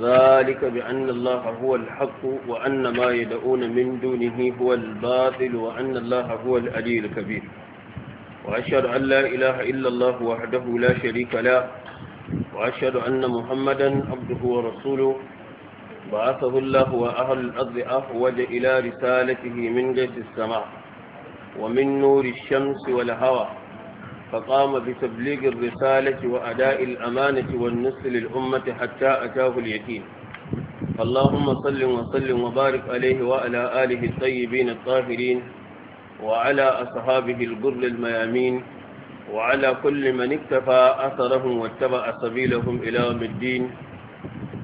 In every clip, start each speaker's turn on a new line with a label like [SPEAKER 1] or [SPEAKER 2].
[SPEAKER 1] ذلك بأن الله هو الحق وأن ما يدعون من دونه هو الباطل وأن الله هو الألي الكبير وأشهد أن لا إله إلا الله وحده لا شريك له وأشهد أن محمدا عبده ورسوله بعثه الله وأهل الأرض أفوج إلى رسالته من جهة السماء ومن نور الشمس والهواء فقام بتبليغ الرسالة وأداء الأمانة والنصر للأمة حتى أتاه اليقين اللهم صل وسلم وبارك عليه وعلى آله الطيبين الطاهرين وعلى أصحابه الغر الميامين وعلى كل من اكتفى أثرهم واتبع سبيلهم إلى يوم الدين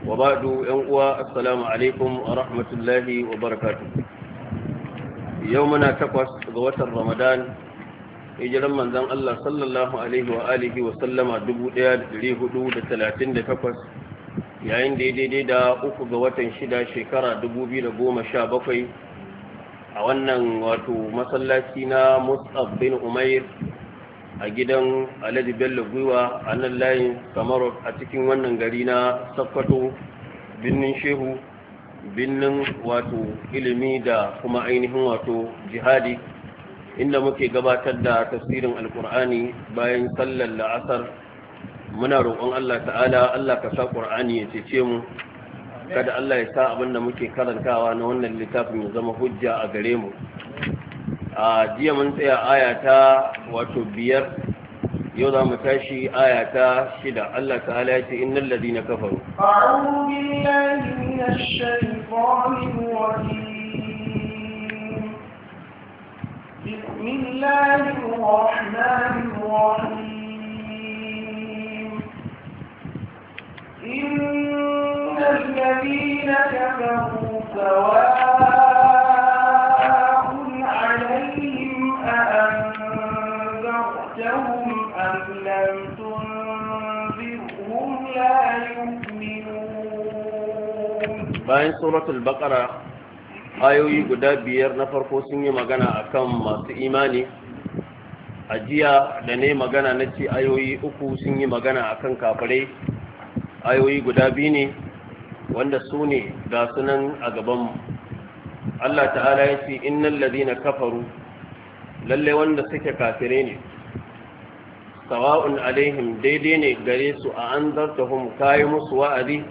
[SPEAKER 1] وبعد أنقوى السلام عليكم ورحمة الله وبركاته يومنا تقوى غوة رمضان hijiran manzan Allah sallallahu alaihi wa alihi wa sallama 1438 yayin da ya daidai da uku ga watan shida shekara 2017 a wannan wato masallaci na Mus'ab bin Umair a gidan Alhaji Bello Gwiwa a nan layin kamar a cikin wannan gari na Sokoto binnin Shehu binnin wato ilimi da kuma ainihin wato jihadi inda muke gabatar da tafsirin alkur'ani bayan sallar la'asar muna roƙon Allah ta'ala Allah ka sa ƙur'ani ya cece mu kada Allah ya sa abin da muke karantawa na wannan littafin ya zama hujja a gare mu a jiya mun tsaya aya ta wato biyar yau za mu tashi aya ta shida Allah ta'ala ya ce innal ladina kafaru
[SPEAKER 2] a'udhu billahi minash shaitanir rajim بسم الله الرحمن الرحيم إن الذين كفروا سواء عليهم أأنذرتهم أم لم تنذرهم لا يؤمنون
[SPEAKER 1] سورة البقرة ayoyi guda biyar na farko sun yi magana akan masu imani Ajiya da ne magana na ce ayoyi uku sun yi magana akan kafare. ayoyi guda biyu ne wanda su ne ga sunan a gabanmu Allah ta'ala ya ce innal ladina kafaru Lallai wanda suke kafire ne sawa'un alaihim daidai ne gare su a an zartahum kayi musu wa'azi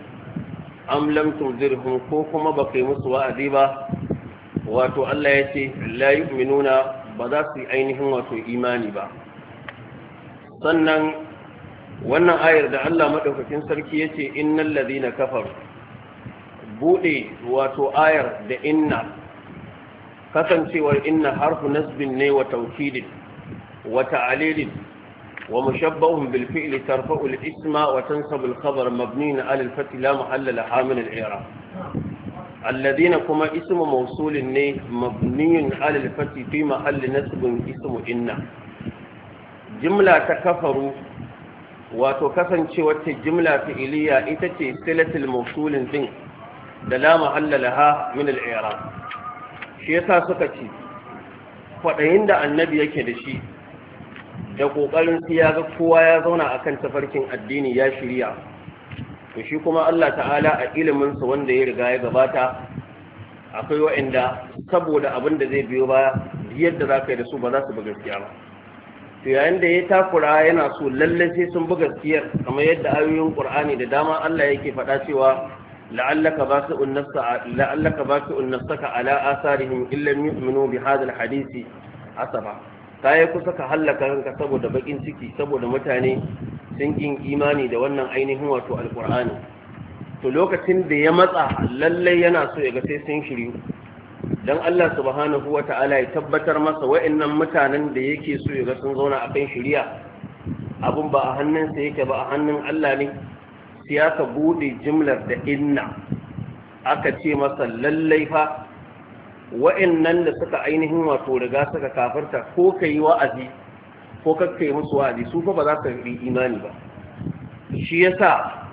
[SPEAKER 1] am lam ko kuma ba kai musu wa'azi ba wato Allah ya ce la yu'minuna ba za su yi ainihin wato imani ba sannan wannan ayar da Allah maɗaukakin sarki yace innal ladina kafar. bude wato ayar da inna kasancewar inna harfu nasbin ne wa tawkidin wa Ta'alilin, wa Mushabba'un bil fi'li tarfa'u isma wa tansabu al khabar mabni ala al la mahalla alladhina kuma ismu mawsulin ne mabniyun alal fati fi mahalli nasbin ismu inna jimla ta kafaru wato kasancewar ta jimla fi'iliya ita ce silatul mawsulin din da la mahalla laha min al-i'rab shi yasa suka ce kwadayin da annabi yake da shi da kokarin ya ga kowa ya zauna akan tafarkin addini ya shirya to shi kuma Allah ta'ala a iliminsa wanda ya riga ya gabata akwai wa'inda saboda abin da zai biyo baya yadda za ka yi da su ba za su bi gaskiya ba to yayin da ya takura yana so lallai sai sun bi gaskiyar kamar yadda ayoyin qur'ani da dama Allah yake faɗa cewa la'allaka basi'un nafsa la'allaka basi'un nafsaka ala asarihim illa yu'minu bi hadha hadisi asaba ka yi kusa ka hallaka ranka saboda bakin ciki saboda mutane sun yi imani da wannan ainihin wato alkur'ani to lokacin da ya matsa lallai yana so ya ga sai sun shiryu dan Allah subhanahu wata'ala ya tabbatar masa wa'annan mutanen da yake so ya ga sun zauna a kan shiriya abun ba a hannunsa yake ba a hannun Allah ne siyasa bude jimlar da inna aka ce masa lallai fa wa'annan da suka ainihin wato riga suka kafarta ko ka yi wa'azi ko kakka musu wa'azi su fa ba za ka yi imani ba shi yasa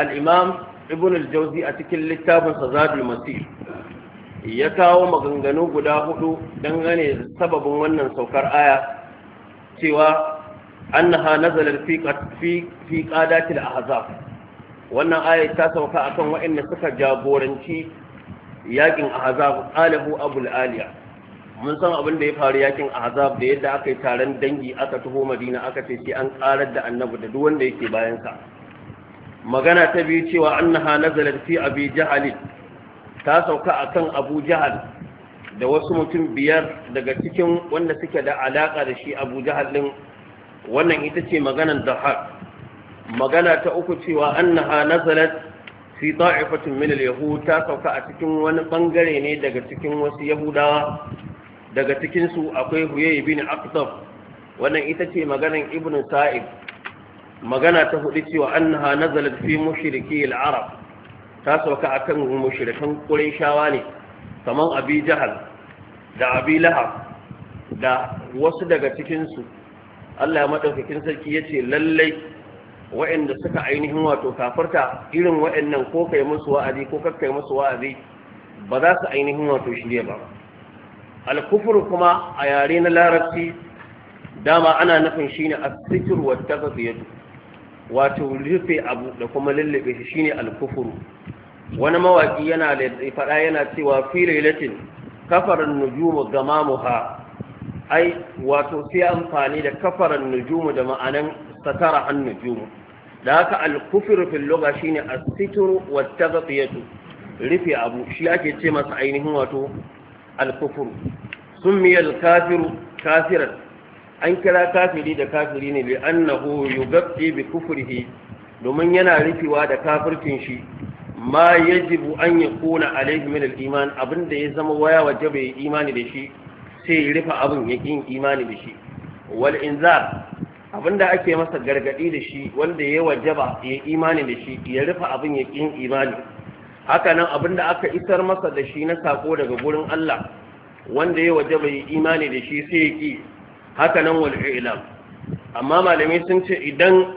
[SPEAKER 1] al-imam ibn al-jawzi a cikin littafin sa masih ya kawo maganganu guda hudu dangane da sababin wannan saukar aya cewa annaha nazalar fi ƙadatil ahzab wannan aya ta sauka akan waɗanda suka jagoranci yakin ahzab qalahu abul aliya mun san abin da ya faru yakin ahzab da yadda aka yi taron dangi aka taho madina aka ce sai an karar da annabi da duk wanda yake bayan sa magana ta biyu cewa annaha nazalat fi abi jahal ta sauka akan abu jahal da wasu mutum biyar daga cikin wanda suke da alaka da shi abu jahal din wannan ita ce maganar har. magana ta uku cewa annaha nazalat fi ta'ifatin min al-yahud ta sauka a cikin wani bangare ne daga cikin wasu yahudawa daga cikin su akwai huyay bin aqtab wannan ita ce maganar ibnu sa'id magana ta hudu cewa annaha nazalat fi mushriki al-arab ta sauka akan mushrikan quraishawa ne kaman abi jahal da abi lahab da wasu daga cikin su Allah madaukakin sarki yace lallai wa'anda suka ainihin wato kafarta irin wa'annan ko kai musu wa'azi ko kakkai musu wa'azi ba za su ainihin wato shirye ba alkufur kuma a yare na larabci dama ana nufin shine as-sitr wa tafsiyatu wato rufe abu da kuma lullube shi shine alkufur wani mawaki yana da fada yana cewa fi lailatin kafaran nujumu gamamuha ai wato sai amfani da kafaran nujumu da ma'anan satara an nujumu da haka al-kufr Loga lugha shine as-sitr wa taghtiyatu rufe abu shi ake ce masa ainihin wato al-kufr summiya al-kafiru kafiran an kira kafiri da kafiri ne li annahu yugabbi bi kufrihi domin yana rufewa da kafircin shi ma yajibu an yakuna alayhi min al-iman abinda ya zama waya waje bai imani da shi sai ya rufe abin ya imani da shi wal inzar abinda ake masa gargadi da shi wanda ya wajaba ya imani da shi ya rufe abin ya kin imani hakanan abinda aka isar masa da shi na sako daga gurin Allah wanda ya wajaba ya imani da shi sai ya ki hakanan wal ilam amma malamai sun ce idan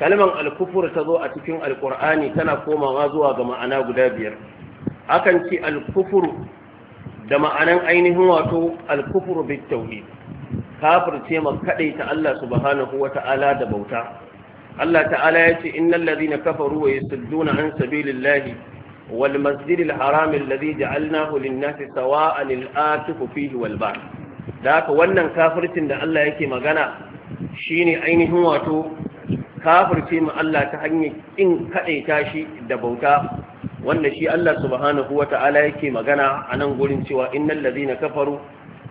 [SPEAKER 1] kalman al-kufur ta zo a cikin al-qur'ani tana komawa zuwa ga ma'ana guda biyar akan ci al-kufur da ma'anan ainihin wato al-kufur bit tauhid kafirce ma kaɗai ta Allah subhanahu wata'ala da bauta Allah ta'ala ya ce innal ladhina kafaru wa yasudduna an sabilillahi wal masjidil haram alladhi ja'alnahu lin-nasi sawa'an al-atif fihi wal ba'd da haka wannan kafircin da Allah yake magana shine ainihin wato kafirce ma Allah ta hanyar in kaɗai shi da bauta wanda shi Allah subhanahu wata'ala yake magana a nan gurin cewa innal ladhina kafaru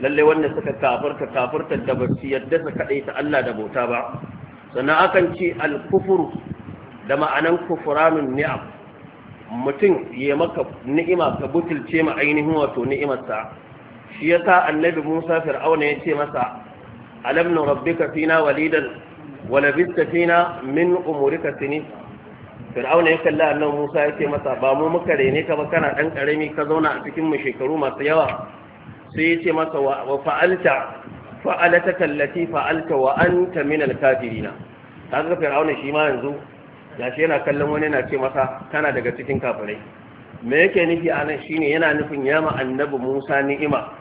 [SPEAKER 1] lalle wanda suka kafarta, kafirta da ba su yadda su kaɗai ta Allah da bauta ba sannan akan ce alkufur da ma'anan kufuranun ni'am mutum ya maka ni'ima ka butulce ma ainihin wato ni'imarsa shi yasa annabi Musa Fir'auna ya ce masa alam nurabbika fina walidan wa labista fina min umurika sinin fir'auna ya kalli annan musa ya ce masa ba mu muka rene ka ba kana dan karami ka zauna a cikin mu shekaru masu yawa sai ya ce masa wa fa'alta fa'alata kallati fa'alta wa anta min al-kafirina kaga fir'auna shi ma yanzu shi yana kallon wani yana ce masa kana daga cikin kafirai me yake nufi shi ne yana nufin ya ma annabi Musa ni'ima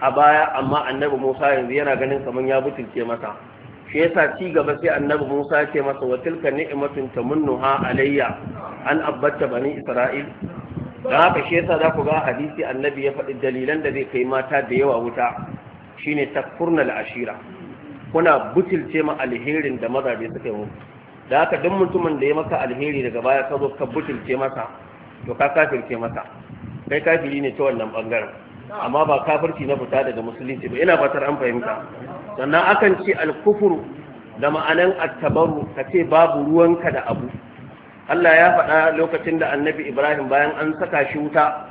[SPEAKER 1] a baya amma annabi Musa yanzu yana ganin kaman ya butulce masa shi yasa ci gaba sai annabi Musa ya ce masa wa tilka ni'matun tamunnuha alayya an abbata bani Isra'il da haka shi yasa za ku ga hadisi annabi ya faɗi dalilan da zai kai mata da yawa wuta shine kurna ashira. kuna ce ma alherin da mazaje suka yi da haka duk mutumin da ya maka alheri daga baya ka zo ka butulce masa to ka kafirce masa kai kafiri ne ta wannan bangaren amma ba kafirci na fita daga musulunci ba ina fatar an fahimta sannan akan ce alkufur da ma'anan attabaru ka ce babu ruwanka da abu Allah ya faɗa lokacin da annabi Ibrahim bayan an saka shi wuta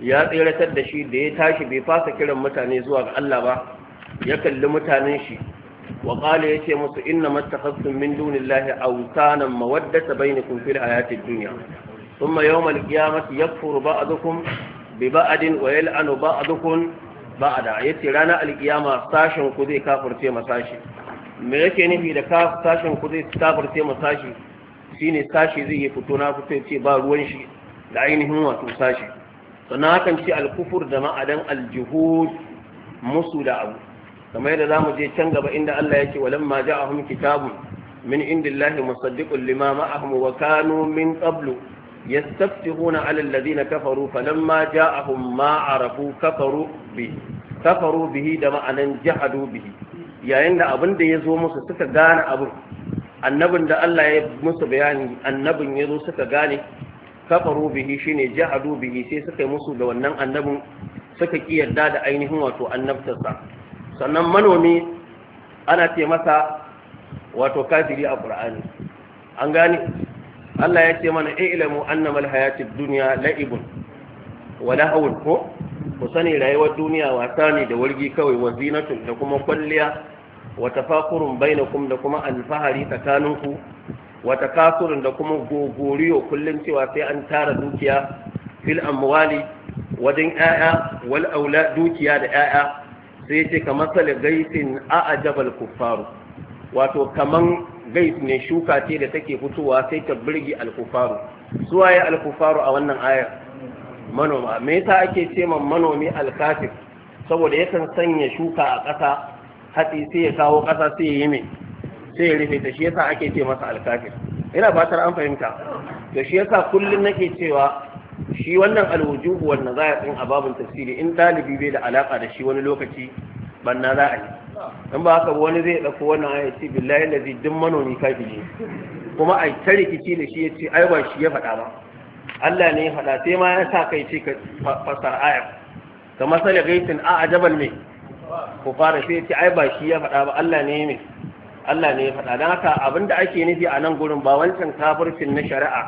[SPEAKER 1] ya tseratar da shi da ya tashi bai fasa kiran mutane zuwa ga Allah ba ya kalli mutanen shi wa qala yace musu inna mattakhastum min dunillahi awtanan mawaddata bainakum fil hayatid dunya thumma yawm qiyamati yakfuru ba'dukum bi ba'din wa yal'anu ba'dukum ba'da yace ranar al sashin ku zai kafirce masashi me yake nufi da sashin ku zai kafirce masashi shine sashi zai yi fito na fito ce ba ruwan shi da ainihin wato sashi sannan hakan ce alkufur da ma'adan aljihud musu da abu kamar yadda zamu je can gaba inda Allah ya ce walamma ja'ahum kitabun min indillahi musaddiqun lima ma'ahum wa kanu min qablu يستفتحون على الذين كفروا فلما جاءهم ما عرفوا كفروا به كفروا به da ma'anan jahadu bihi yayin da abin da ya zo musu suka gane abin annabin da Allah ya musu bayani annabin ya zo suka gane kafaru bihi shine jahadu bihi sai suka yi musu da wannan annabin suka ki yarda da ainihin wato annabtarsa sannan manomi ana ce masa wato kafiri a qur'ani an gane Allah ya ce mana ilamu annama alhayatid dunya la'ibun wa lahawun ko ku sani rayuwar duniya wasa ne da wargi kawai wa zinatun da kuma kwalliya wa tafakurun bainakum da kuma alfahari tsakaninku wata takasurin da kuma gogoriyo kullum cewa sai an tara dukiya fil amwali wajen 'ya'ya wal aula dukiya da 'ya'ya sai ce kamar sale gaisin a'ajabal kuffaru wato kaman gais ne shuka ce da take fitowa sai ta birgi alkufaru su waye Al-Kuffaru a wannan ayar manoma me yasa ake ce man manomi alkafir saboda yakan sanya shuka a ƙasa hatsi sai ya kawo ƙasa sai ya yi mai sai ya rufe ta shi yasa ake ce masa alkafir ina fatar an fahimta da shi yasa kullum nake cewa shi wannan alwujubu wal nazaya din a babun tafsiri in dalibi bai da alaka da shi wani lokaci banna za a yi in ba haka wani zai dauko wannan aya ce billahi allazi duk manomi kafiri kuma ai ta rikici da shi yace ai ba shi ya faɗa ba Allah ne ya faɗa sai ma ya sa kai ce ka fasar aya kamar sai gaitin a ajabal mai ku fara sai ce ai ba shi ya faɗa ba Allah ne mai Allah ne ya faɗa don haka abin da ake nufi a nan gurin ba wancan kafircin na shari'a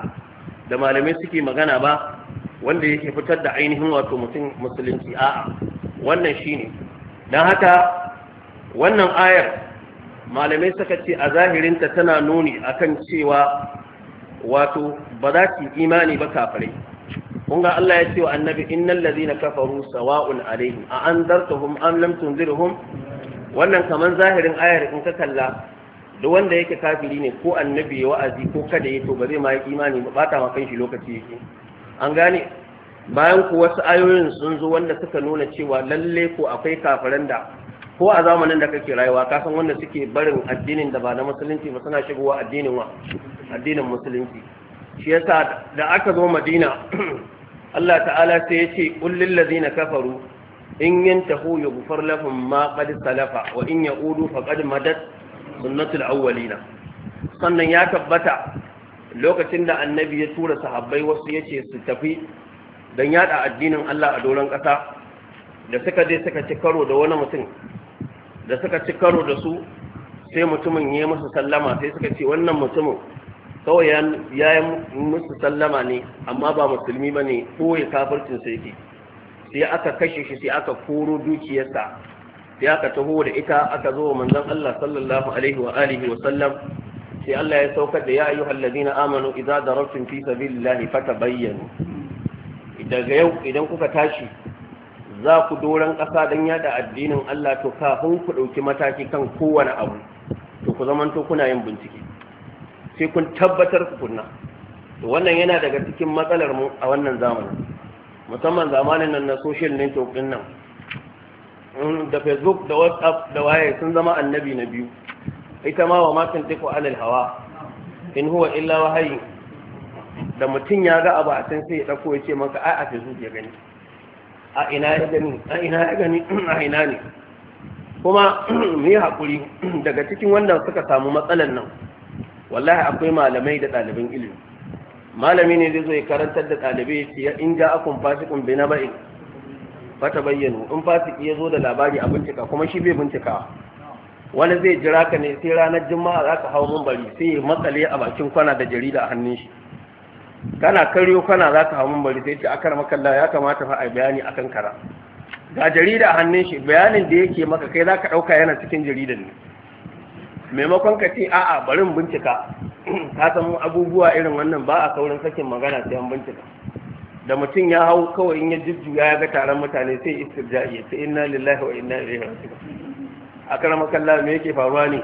[SPEAKER 1] da malamai suke magana ba wanda yake fitar da ainihin wato mutum musulunci a'a wannan shine don haka wannan ayar malamai suka ce a zahirinta tana nuni akan cewa wato ba za ki imani ba kafirai kun ga Allah ya ce wa annabi innal ladina kafaru sawa'un alaihim a anzartuhum am lam tunzirhum wannan kaman zahirin ayar in ka kalla duk wanda yake kafiri ne ko annabi ya wa'azi ko kada ya to ba zai ma yi imani ba ta ma kanshi lokaci yake an gane bayan ku wasu ayoyin sun zo wanda suka nuna cewa lalle ko akwai kafiran da ko a zamanin da kake rayuwa ka san wanda suke barin addinin da ba na musulunci ba suna shigowa addinin wa addinin musulunci shi yasa da aka zo madina Allah ta'ala sai ya ce kullil ladina kafaru in yantahu yughfar lahum ma qad salafa wa in ya'udu faqad madat sunnatul na. sannan ya tabbata lokacin da annabi ya tura sahabbai wasu yace su tafi don yada addinin Allah a doron kasa da suka je suka ci karo da wani mutum da suka ci karo da su sai mutumin ya masa sallama sai suka ce wannan mutumin kawai ya yi musu sallama ne amma ba musulmi ba ne ɓoye kafircin sai yake sai aka kashe shi sai aka koro dukiyarsa sai aka taho da ita aka zo manzon Allah sallallahu alaihi wa alihi wa sai Allah ya saukar da ya ayyuhal ladina amanu idza fisa billahi fata bayyana daga yau idan kuka tashi za ku doron ƙasa don yada addinin Allah to kafin ku ɗauki mataki kan kowane abu to ku zamanto kuna yin bincike sai kun tabbatar ku kunna to wannan yana daga cikin matsalar mu a wannan zamanin musamman zamanin nan na social network din nan da facebook da whatsapp da waye sun zama annabi na biyu ita ma wa matan tiko alal hawa in huwa illa wahayi da mutum ya ga abu a can sai ya dauko ya ce maka ai a facebook ya gani a ina ya gani a ina ya gani a ina ne kuma mu yi hakuri daga cikin wanda suka samu matsalar nan wallahi akwai malamai da ɗaliban ilimi malami ne zai zo ya karantar da ɗalibai ya in ja akun fasikun bi na ba'in fata bayyano in fasiki ya zo da labari a bincika kuma shi bai bincika wani zai jira ka ne sai ranar juma'a za ka hau bari sai ya matsale a bakin kwana da jarida a hannun shi kana karyo kana za ka hau bari sai ce akar makalla ya kamata fa a bayani akan kara ga jarida a hannun shi bayanin da yake maka kai za ka ɗauka yana cikin jaridan ne maimakon ka ce a'a bari in bincika ka san abubuwa irin wannan ba a kaurin sakin magana sai an bincika da mutum ya hau kawai in ya jujjuya ya ga taron mutane sai istirja'i sai inna lillahi wa inna ilaihi raji'un a karama kalla me yake faruwa ne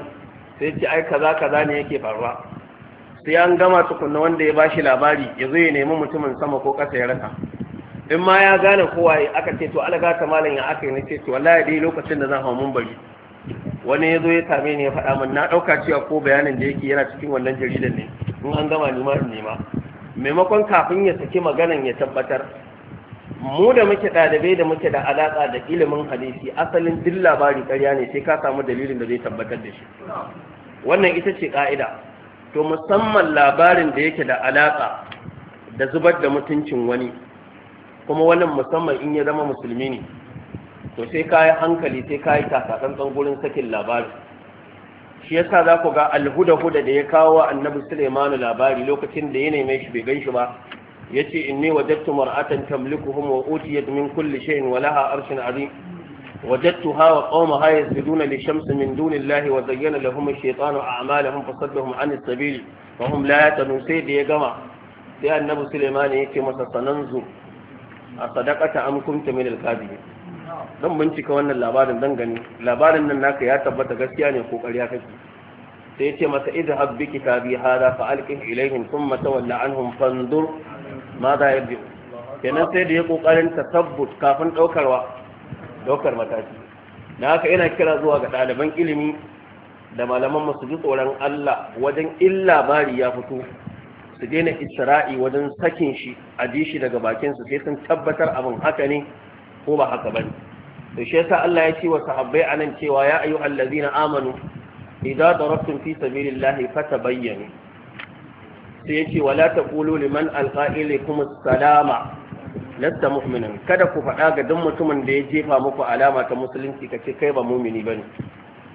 [SPEAKER 1] sai ce ai kaza kaza ne yake faruwa sai an gama tukunna wanda ya bashi labari ya zo ya nemi mutumin sama ko kasa ya rasa in ma ya gane kowa aka ce to alaga ta malam ya aka yi ne ce to wallahi dai lokacin da zan hau mun bari wani ya zo ya same ni ya faɗa min na ɗauka cewa ko bayanin da yake yana cikin wannan jaridar ne in an gama nima in nema maimakon kafin ya saki maganan ya tabbatar mu da muke ɗalibai da muke da alaƙa da ilimin hadisi asalin duk labari ƙarya ne sai ka samu dalilin da zai tabbatar da shi wannan ita ce ƙa'ida to musamman labarin da yake da alaƙa da zubar da mutuncin wani kuma wannan musamman in ya zama musulmi ne to sai ka yi hankali sai ka yi tasakantan gurin sakin labari shi yasa za ku ga alhuda-huda da ya kawo annabi sulaimanu labari lokacin da ya neme shi bai ganshi shi ba ya ce in ne wajattu mar'atan tamliku hum wa utiya min kulli shay'in wa laha arshun azim wajattu hawa qawma haya duna li shamsi min lahi wa zayyana lahum ash-shaytanu a'malahum fasaddahum 'anil sabil wa hum la yatanu sai da ya gama sai annabi sulaimanu ya ce masa sanan zu a sadakata an kuntum min zan bincika wannan labarin zan gani labarin nan naka ya tabbata gaskiya ne ko ƙarya kake sai ce masa Idan idhab bi kitabi hada fa sun mata wanda an hun fanzur ma za yarji kenan sai da ya kokarin tasabbut kafin ɗaukarwa ɗaukar mataki na haka yana kira zuwa ga ɗaliban ilimi da malaman masu ji tsoron Allah wajen in labari ya fito su daina isra'i wajen sakin shi a ji shi daga bakinsu sai sun tabbatar abin haka ne ko ba haka bane to shi yasa Allah ya ce wa sahabbai anan cewa ya ayu allazina amanu idza darabtum fi sabilillahi fatabayyanu sai yace wala taqulu liman alqa ilaykum salama lasta mu'minan kada ku faɗa ga duk mutumin da ya jefa muku alama ta musulunci kace kai ba mu'mini bane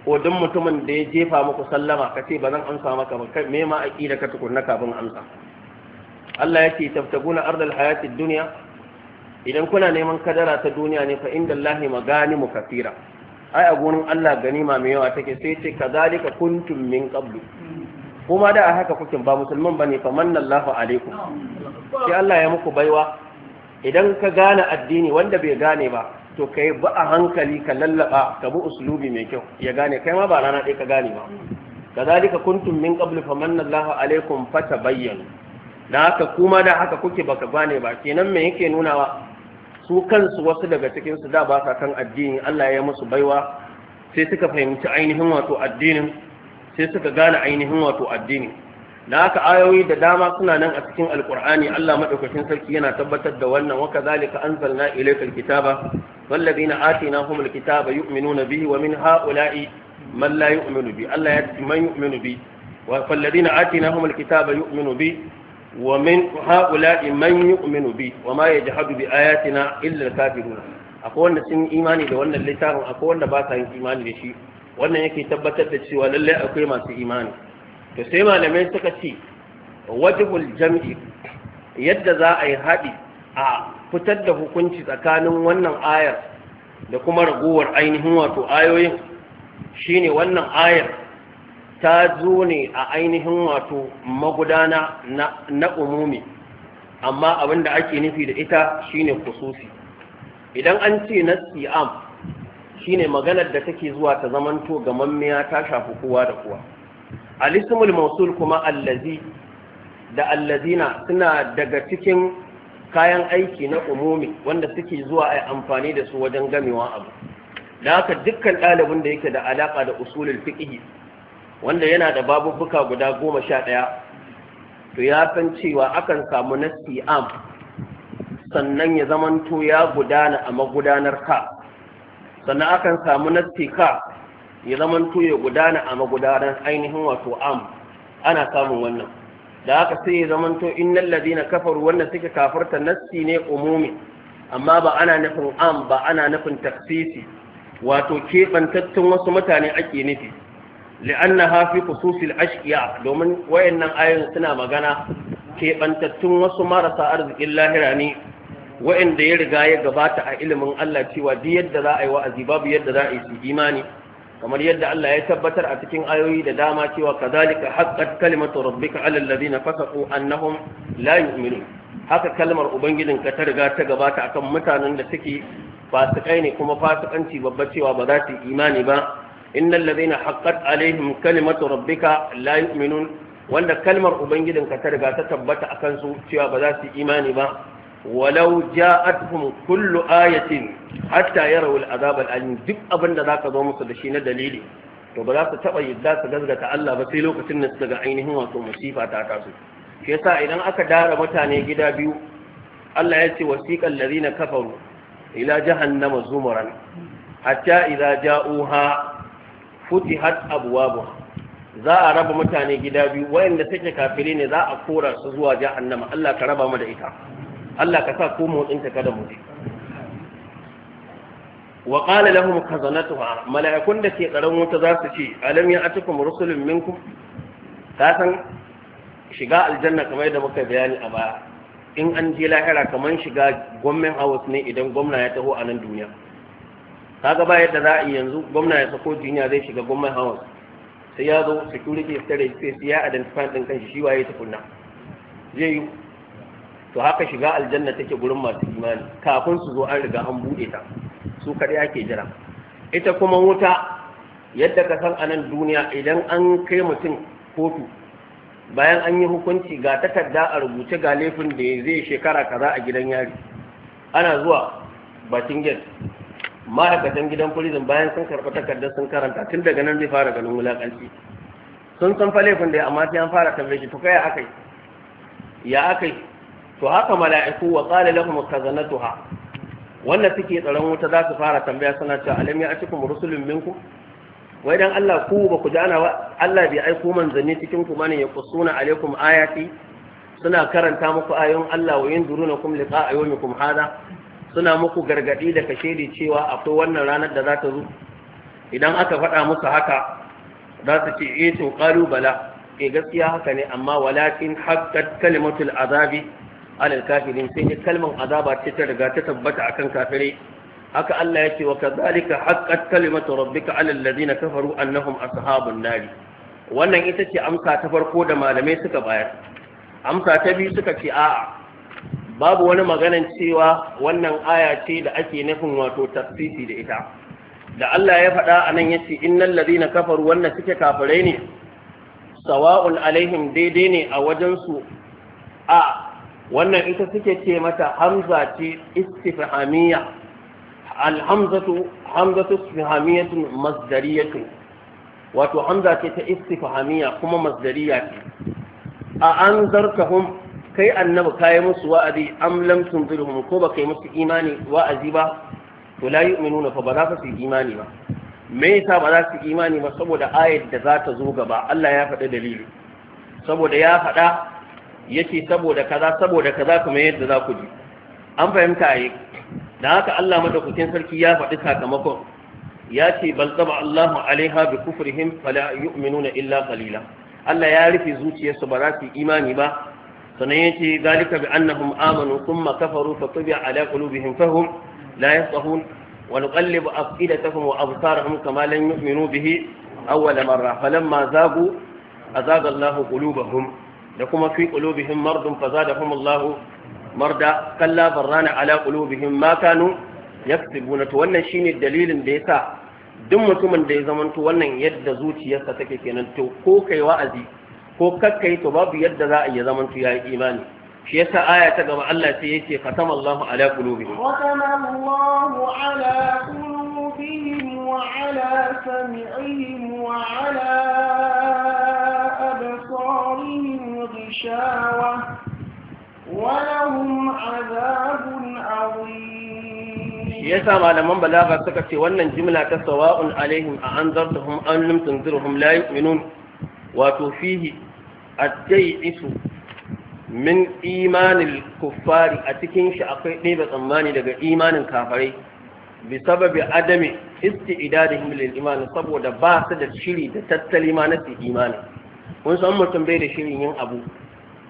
[SPEAKER 1] ko duk mutumin da ya jefa muku sallama kace ba zan amsa maka ba me ma aqida ka tukunna kafin amsa Allah ya ce tabtaguna ardal hayatid dunya idan kuna neman kadara ta duniya ne fa inda Allah ma gani mu kafira ai a gurin Allah ganima mai yawa take sai ce kazalika kuntum min qablu kuma da a haka kuke ba musulman bane fa manallahu alaikum sai Allah ya muku baiwa idan ka gane addini wanda bai gane ba to kai ba a hankali ka lallaba ka bi uslubi mai kyau ya gane kai ma ba rana ɗaya ka gane ba kazalika kuntum min qablu famanallahu alaikum fatabayyanu da haka kuma da haka kuke baka gane ba kenan me yake nunawa su kansu wasu daga cikinsu da ba sa kan addini Allah ya musu baiwa sai suka fahimci ainihin wato addinin sai suka gane ainihin wato addini da haka ayoyi da dama suna nan a cikin alkur'ani Allah madaukakin sarki yana tabbatar da wannan wa kadhalika anzalna ilayka alkitaba walladhina atinahum alkitaba yu'minuna bihi wa min ha'ula'i man la yu'minu bi Allah ya man yu'minu bi wa falladhina atinahum alkitaba yu'minu bi ومن هؤلاء من يؤمن به وما يجحد بآياتنا إلا الكافرون akwai wanda sun yi imani da wannan littafin akwai wanda ba yin imani da shi wannan yake tabbatar da cewa lallai akwai masu imani to sai malamai suka ce wajibul jam'i yadda za a yi haɗi a fitar da hukunci tsakanin wannan ayar da kuma ragowar ainihin wato ayoyin shine wannan ayar ta zo ne a ainihin wato magudana na umumi amma abin da ake nufi da ita shine kususi idan an ce na si'am shine maganar da take zuwa ta zamanto mammiya ta shafi kowa da kowa alisimul mausul kuma allazi da allazina suna daga cikin kayan aiki na umumi wanda suke zuwa a amfani da su wajen gamewa abu da haka dukkan ɗalibin da yake da alaƙa da usulul fiqh wanda yana da babubuka guda goma sha ɗaya to ya san cewa akan samu na am sannan ya zamanto ya gudana a magudanar ka sannan akan samu na ka ya zamanto ya gudana a magudanar ainihin wato am ana samun wannan da haka sai ya zamanto innal ladina kafaru wanda suke kafarta nasi ne umumi amma ba ana nufin am ba ana nufin taksisi wato keɓantattun wasu mutane ake nufi li'annaha hafi khususil ashqiya domin wayannan ayoyin suna magana keɓantattun wasu marasa arzikin lahira ne wayanda ya riga ya gabata a ilimin Allah cewa duk yadda za a yi wa'azi babu yadda za a yi su imani kamar yadda Allah ya tabbatar a cikin ayoyi da dama cewa kazalika haqqat kalimatu rabbika alal ladina fasaqu annahum la yu'minun haka kalmar ubangijinka ta riga ta gabata akan mutanen da suke fasikai ne kuma fasikanci babba cewa ba za su imani ba innal ladhina haqqat alaihim kalimatu rabbika la yu'minun wanda kalmar Ubangidan ka ta riga ta tabbata akan su cewa ba za su imani ba walau ja'atuhum kullu ayatin hatta yarawu al'azab al'alim duk abin da zaka zo musu da shi na dalili to ba za su taba yadda su gazgata Allah ba sai lokacin da su daga ainihin wato musifa ta taso shi yasa idan aka dara mutane gida biyu Allah ya ce wasiqal ladina kafaru ila jahannama zumuran hatta idza ja'uha Futi futihat abuwabu za a raba mutane gida biyu wayanda take kafiri ne za a kora su zuwa jahannama Allah ka raba mu da ita Allah ka sa ko motsin ta kada mu wa qala lahum khazanatuha mala'ikun da ke tsaron wuta za su ce alam ya atukum rusulun minkum ka san shiga aljanna kamar yadda muka bayani a baya in an je lahira kamar shiga gwamnan house ne idan gwamna ya taho a nan duniya kaga ba yadda za a yi yanzu gwamna ya sako jiniya zai shiga gwamnan hawan sai ya zo security stare space ya identify din kanshi shi waye ta kunna? zai yi to haka shiga aljanna take gurin masu imani kafin su zo an riga an bude ta su kadai ake jira ita kuma wuta yadda ka san anan duniya idan an kai mutum kotu bayan an yi hukunci ga takarda a rubuce ga laifin da zai shekara kaza a gidan yari ana zuwa bakin gate ma'aikatan gidan prison bayan sun karɓi takardar sun karanta tun daga nan zai fara ganin wulaƙanci sun san falefin laifin da amma sai an fara tambaye to kai akai ya akai to haka mala'iku wa qala lahum khazanatuha wanda suke tsaron wuta za su fara tambaya suna cewa alam ya atikum rusulun minkum wai dan Allah ku ba ku jana Allah bai aiko manzanni cikin ku bane ya kusuna alaikum ayati suna karanta muku ayoyin Allah wa duruna kum liqa'a yawmikum hada suna muku gargaɗi da kashedi cewa akwai wannan ranar da za ta zo idan aka faɗa musu haka za su ce eh to ƙalubala ke eh, gaskiya haka ne amma walakin haqqat kalimatul azabi alal kafirin sai kalmar azaba ce ta riga ta tabbata akan kafirai haka Allah ya ce wa kadhalika haqqat kalimatu rabbika alal ladina kafaru annahum ashabun nar wannan ita ce amsa ta farko da malamai suka bayar amsa ta biyu suka ce a'a babu wani maganan cewa wannan aya ce da ake nufin wato tafsiri da ita da Allah ya faɗa a nan yace innal ladina kafaru wannan suke kafirai ne sawa'un alaihim daidai ne a wajen su a wannan ita suke ce mata hamza ce istifhamiyya alhamzatu hamzatu istifhamiyatun masdariyatun wato hamza ce ta istifhamiyya kuma masdariyya ce a anzartahum kai annabi kayi musu wa'azi am lam tunzirhum ko ba kai musu imani wa'azi ba to la yu'minuna fa ba za su imani ba me yasa ba za su imani ba saboda ayat da za ta zo gaba Allah ya faɗi dalili saboda ya faɗa yace saboda kaza saboda kaza kuma yadda za ku ji an fahimta ayi dan haka Allah madaukakin sarki ya faɗi sakamakon ya ce bal taba Allahu alaiha bi kufrihim fala yu'minuna illa qalila Allah ya rufe zuciyarsu ba za su imani ba sannan yace zalika bi annahum amanu thumma kafaru fa tubi'a ala qulubihim fahum la yafqahun wa nuqallibu afidatahum wa absarahum kama lam yu'minu bihi awwal marra falamma zagu azaga Allahu qulubahum da kuma fi qulubihim mardun fa fazadahum Allahu marda kalla barrana ala qulubihim ma kanu yaktubuna to wannan shine dalilin da yasa duk mutumin da ya zamanto wannan yadda zuciyarsa take kenan to ko kai wa'azi ko kakkai to babu yadda za a yi zaman su yayi imani shi yasa aya ta gaba Allah sai yace fatama Allahu ala qulubihim
[SPEAKER 2] fatama Allahu ala qulubihim wa ala sam'ihim wa ala absarihim ghishawa wa lahum adhabun adhim ya sa
[SPEAKER 1] malaman balaga suka ce wannan jimla ta sawa'un alaihim a an zartahum an lam tunzirhum la yu'minun wato fihi isu min imanin kuffari a cikin shi akwai ɗebe tsammani daga imanin kafarai bi sababi adami isti'dadihim lil iman saboda ba su da shiri da tattali ma na su imani kun san mutum bai da shirin yin abu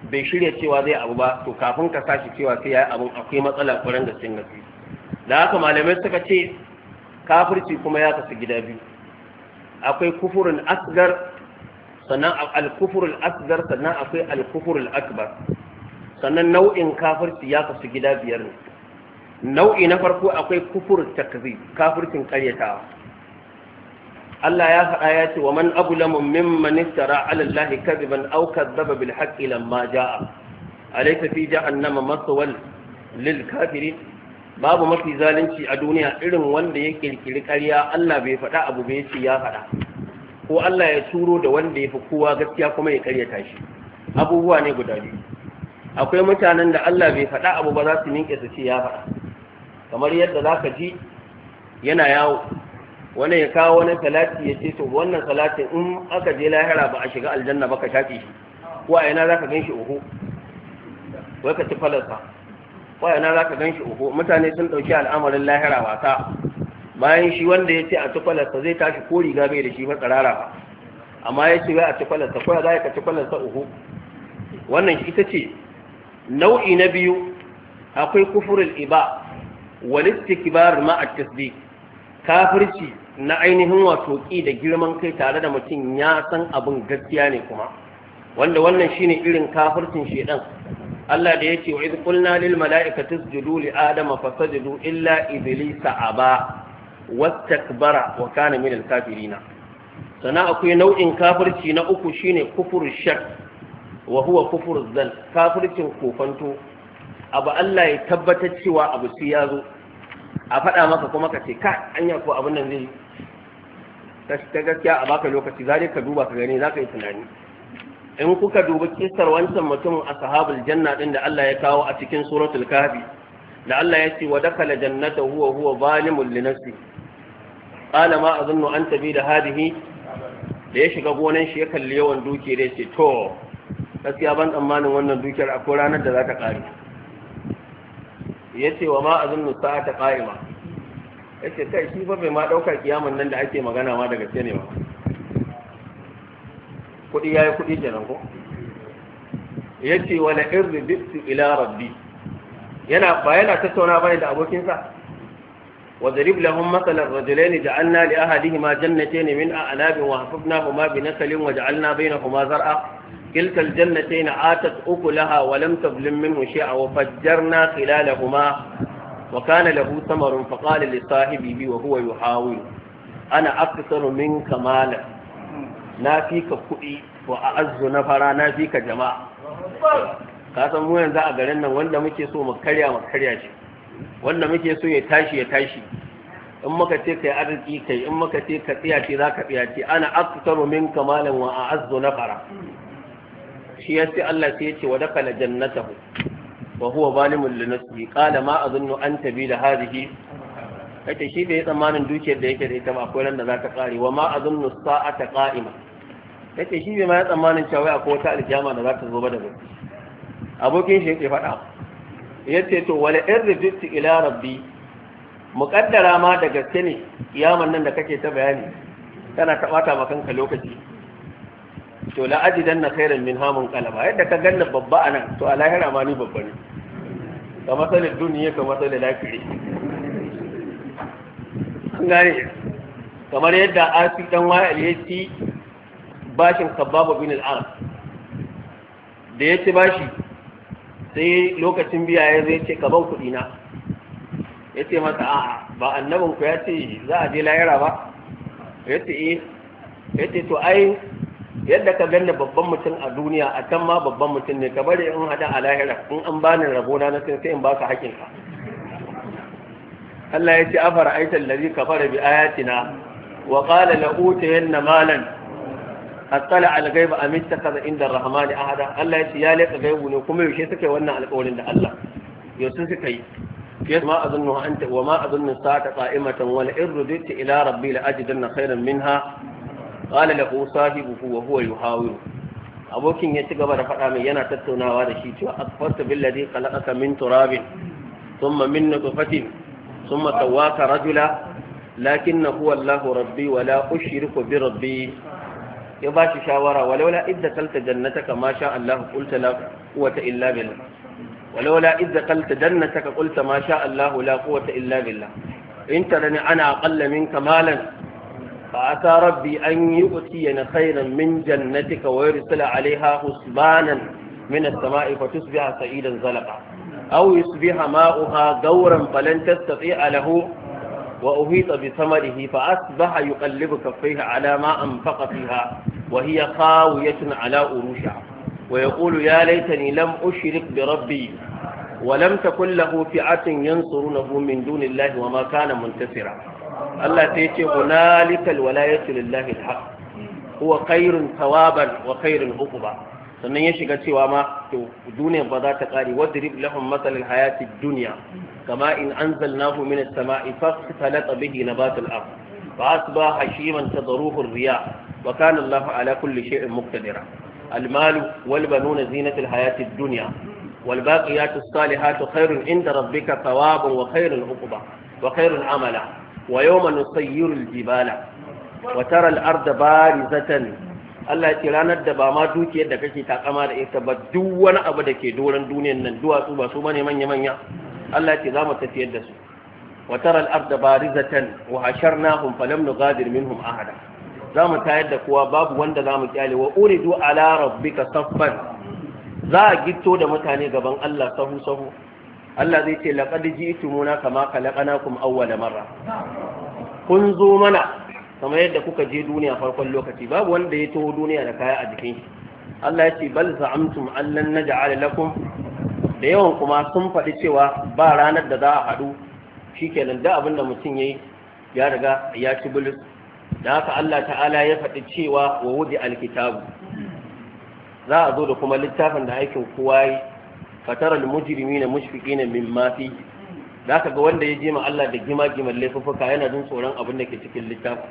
[SPEAKER 1] bai shirya cewa zai abu ba to kafin ka sashi cewa sai yayi abu akwai matsala kuran da sun gaske da haka malamai suka ce kafirci kuma ya kasu gida biyu akwai kufurin asgar sannan al-kufr al sannan akwai al akbar sannan nau'in kafirci ya kasu gida biyar ne nau'i na farko akwai kufur takzib kafircin karyata. Allah ya faɗa ya ce wa man abulamu mimman iftara alallahi Allah kadiban aw kadzaba bil haqqi lamma jaa alaysa fi jahannama maswal lil kafirin babu mafi zalunci a duniya irin wanda ya kirkiri ƙarya Allah bai faɗa abu bai ce ya faɗa ko Allah ya turo da wanda ya fi kowa gaskiya kuma ya karyata shi abubuwa ne guda biyu akwai mutanen da Allah bai faɗa abu ba za su ninke su ce ya faɗa kamar yadda za ka ji yana yawo wani ya kawo wani salati ya ce to wannan salati in aka je lahira ba a shiga aljanna ba ka shafe shi ko a yana za ka gan shi uku wai ka ci falarsa ko a yana za ka gan shi uku mutane sun ɗauki al'amarin lahira wasa bayan shi wanda ya ce a tukwalarsa zai tashi ko riga bai da shi fa ba amma ya ce wai a tukwalarsa ko za a yi ka tukwalarsa uhu wannan ita ce nau'i na biyu akwai kufurin iba wal istikbar ma a kafirci na ainihin wato ki da girman kai tare da mutum ya san abin gaskiya ne kuma wanda wannan shine irin kafircin shedan Allah da ya ce wa idh qulna lil mala'ikati isjudu li adama fasajadu illa iblisa aba wastakbara wa kana min al-kafirina sana akwai nau'in kafirci na uku shine kufur shak wa huwa kufur zal kafircin kofanto abu Allah ya tabbatar cewa abu sai ya zo a faɗa maka kuma ka ce ka anya ko abin nan zai ta gaskiya a baka lokaci zai ka duba ka gani zaka yi tunani in kuka duba kisar wancan mutumin ashabul janna din da Allah ya kawo a cikin suratul kahfi da Allah ya ce wa dakala jannata huwa huwa zalimun li nafsihi qala ma zunnu an tabi da hadihi da ya shiga gonan shi ya kalli yawan duki da ce to gaskiya ban tsammanin wannan dukiyar a ko ranar da za ta kare ya ce wa ma a zunnu azunnu sa'ata qa'ima ya ce ta shi ba bai ma ɗaukar kiyaman nan da ake magana ma daga ce ne ba kuɗi ya yi kuɗi kenan ko ya ce wala irri bittu ila rabbi yana ba yana tattauna bane da abokinsa وضرب لهم مثل الرجلين جعلنا لأحدهما جنتين من أعناب وحفظناهما بنسل وجعلنا بينهما زرعا كلتا الجنتين آتت أكلها ولم تظلم منه شيئا وفجرنا خلالهما وكان له ثمر فقال لصاحبه وهو يحاول أنا أكثر منك مالا نافيك كئي وأعز نفرا نافيك جماعة kasan mu yanzu a garin nan wanda muke so mu karya mu karya shi wanda muke so ya tashi ya tashi in muka ce kai arziki kai in muka ce ka tsiyace za ka tsiyace ana aktaru min kamalan wa a'azzu nafara shi ya ce Allah sai ya ce wa dakala jannatahu wa huwa zalimun li nafsihi qala ma azunnu an tabila hadhihi kace shi bai tsammanin dukiyar da yake da ita ba akwai nan da za ta kare wa ma azunnu sa'ata qa'ima kace shi bai ma tsammanin cewa akwai wata aljama da za ta zo ba da gobe abokin shi yake faɗa yace to wala in rijtu ila rabbi muqaddara ma da gaske ne kiyaman nan da kake ta bayani kana ta bata ma kanka lokaci to la ajidanna khairan min hamun qalaba yadda ka ganna babba anan to a lahira ma ni babba ne ka matsalar duniya ka matsalar lafiya an gane kamar yadda asi dan waya ya ci bashin kabbaba bin al'arab da ya ci bashi sai lokacin biya ya zai ce ka ban kuɗi na ya ce masa a'a ba annabin ku ya ce za a je layara ba ya ce eh ya ce to ai yadda ka ganna babban mutum a duniya a can ma babban mutum ne ka bari in hada a lahira in an bani rabona na sai in baka hakin ka Allah ya ce afara aitan lazi fara bi ayatina wa qala la utayanna malan attala al a am ittakhadha inda ar-rahmani ahada Allah yace ya leka gaibu ne kuma yaushe suka wannan alƙawarin da Allah yaushe suka yi ma azunnu anta wa ma azunnu sa'ata qa'imatan wa la irruditu ila rabbi la ajidanna khayran minha qala lahu sahibuhu wa huwa yuhawiru abokin ya ci gaba da faɗa mai yana tattaunawa da shi cewa akfarta billadi khalaqaka min turabin thumma min nutfatin thumma sawwaka rajula lakinna huwa Allahu rabbi wa la ushriku bi rabbi ya ba shi shawara walaula idda kalta jannataka ma sha Allah qulta la quwwata illa billah walaula idda kalta jannataka qulta ma sha Allah la quwwata illa billah in tarani ana aqalla minka malan fa ata rabbi an yu'tiyana khayran min jannatika wa yursila 'alayha husbanan min as-sama'i fatusbiha sa'idan zalaqa aw yusbiha ma'uha gawran falan tastati'a lahu وأهيط بثمره فأصبح يقلب كفيه على ما أنفق فيها وهي خاوية على أروشع ويقول يا ليتني لم أشرك بربي ولم تكن له فئة ينصرونه من دون الله وما كان منتصرا
[SPEAKER 2] الله تيتي هنالك
[SPEAKER 1] الولاية لله الحق هو خير ثوابا وخير عقبا sannan ya shiga cewa ma to duniyar ba za ta kare wadrib lahum masalal hayati dunya kama in anzalnahu min as-sama'i fakhtalata bihi nabatul ard fa asbaha hashiman tadruhu ar-riyah wa kana Allah ala kulli shay'in muqtadira al-mal wal banuna zinatul hayati duniya. dunya wal baqiyatu as-salihatu khairun inda rabbika thawaban wa khairun uquba wa khairun amala wa yawma nusayyiru al-jibala wa tara al-arda barizatan Allah ya ce ranar da ba ma dukiyar da kake takama da ita ba duk wani abu da ke doron duniyar nan duwatsu ba su bane manya manya Allah ya ce za mu tafiyar da su wa taral arda barizatan wa hasharnahum falam nughadir minhum ahada za mu tayar da kowa babu wanda za mu kyale wa uridu ala rabbika saffan za a gito da mutane gaban Allah sahu sahu Allah zai ce laqad ji'tumuna kama khalaqnakum awwala marra kun zo mana kamar yadda kuka je duniya farkon lokaci babu wanda ya taho duniya da kaya a jikin shi Allah ya ce bal za'amtum allan naj'al lakum da yawan kuma sun faɗi cewa ba ranar da za a haɗu shikenan da abin da mutum yayi ya riga ya ci bulus da haka Allah ta'ala ya faɗi cewa wa wudi alkitabu za a zo da kuma littafin da aikin kowa yi fatara almujrimina mushfiqina mimma fi da haka ga wanda ya je ma Allah da gima giman laifuka, yana jin tsoron abin da ke cikin littafin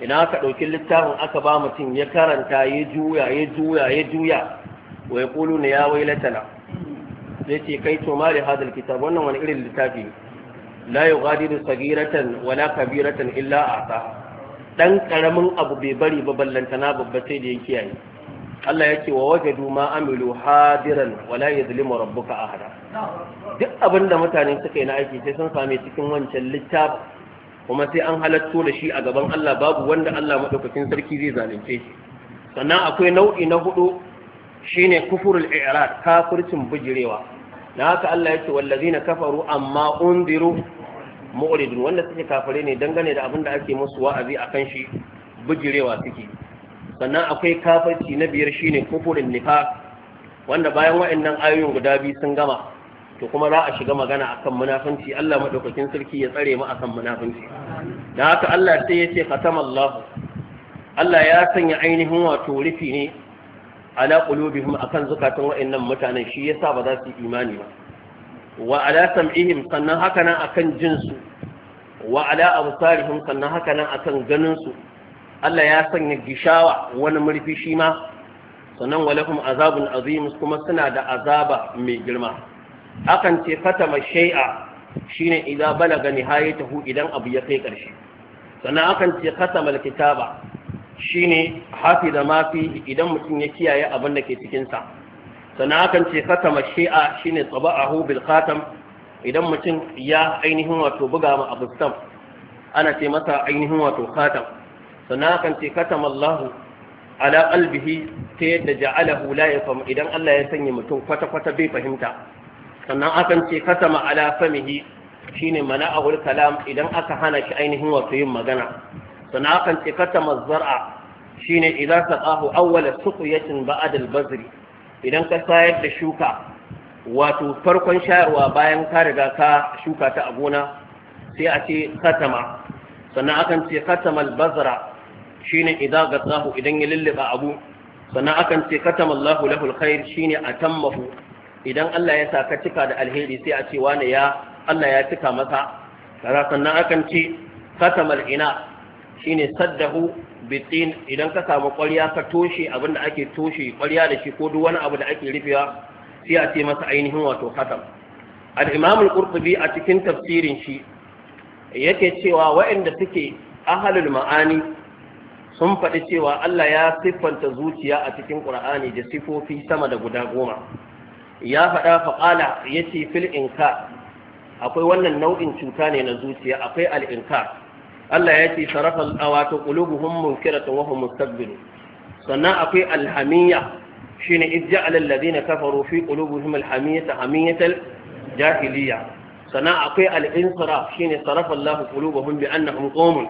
[SPEAKER 1] ina aka ɗauki littafin aka ba mutum ya karanta ya juya ya juya ya juya Wai yaqulu ne ya wailatana zai ce kai to mali hadal kitab wannan wani irin littafi ne la yughadiru sagiratan wala kabiratan illa ata dan karamin abu bai bari ba ballantana babba sai da ya kiyaye Allah yake wa wajadu ma amilu hadiran wala yuzlimu rabbuka ahada duk abinda mutane suka yi na aiki sai sun same cikin wancan littafin kuma sai an halatto da shi a gaban Allah babu wanda Allah madaukakin sarki zai zalunce shi sannan akwai nau'i na hudu shine kufurul i'rad kafircin bujirewa na haka Allah ya ce wallazina kafaru amma unziru mu'ridun wanda suke kafare ne dangane da abin da ake musu wa'azi akan shi bijirewa suke sannan akwai kafirci na biyar shine kufurin nifaq wanda bayan wa'annan ayoyin guda biyu sun gama to kuma za a shiga magana akan munafunci Allah madaukakin sarki ya tsare mu akan munafunci Da haka Allah sai ya ce khatamallahu Allah ya sanya ainihin wato rufi ne ala qulubihim akan zukatan wa'annan mutanen shi yasa ba za su imani ba wa ala sam'ihim sannan haka nan akan jin su wa ala absarihim sannan haka nan akan ganin su Allah ya sanya gishawa wani murfi shi ma sannan walahum azabun azim kuma suna da azaba mai girma akan ce katama shay'a shine idza balaga nihayatahu idan abu ya kai karshe sannan akan ce katama alkitaba shine hafiza ma fi idan mutum ya kiyaye abin da ke cikin sa sannan akan ce katama shay'a shine tsaba'ahu bil khatam idan mutum ya ainihin wato buga ma abu stamp ana ce masa ainihin wato khatam sannan akan ce katama Allahu ala qalbihi ta yadda ja'alahu la yafham idan Allah ya sanya mutum kwata kwata bai fahimta sannan akan ce katama ala famihi shine mana'ahul kalam idan aka hana shi ainihin wasu yin magana sannan akan ce katama zar'a shine idza taqahu awwala suqiyatin ba'd al-bazri idan ka sayar da shuka wato farkon shayarwa bayan ka riga ka shuka ta a gona sai a ce katama sannan akan ce katama al-bazra shine idza gatahu idan ya lulluba abu sannan akan ce katama Allahu lahu al-khair shine atammahu idan Allah ya sa ka cika da alheri sai a ce wane ya Allah ya cika masa kaza sannan akan ce katamal ina shine saddahu bitin idan ka samu ƙwarya ka toshe abin da ake toshe ƙwarya da shi ko duk wani abu da ake rufewa sai a ce masa ainihin wato katam. al-imam al-qurtubi a cikin tafsirin shi yake cewa waɗanda suke ahalul ma'ani sun faɗi cewa Allah ya siffanta zuciya a cikin Qur'ani da sifofi sama da guda goma ya faɗa faƙala ya ce fil inka akwai wannan nau'in cuta ne na zuciya akwai al'inka Allah ya ce sarrafa al'awa ta ƙulubuhun munkiratun wahun mustaqbilu sannan akwai alhamiya shine idja alal ladina kafaru fi qulubuhum ta hamiyatal jahiliya sannan akwai al-insiraf shine sarrafa Allah qulubuhum bi annahum qawmun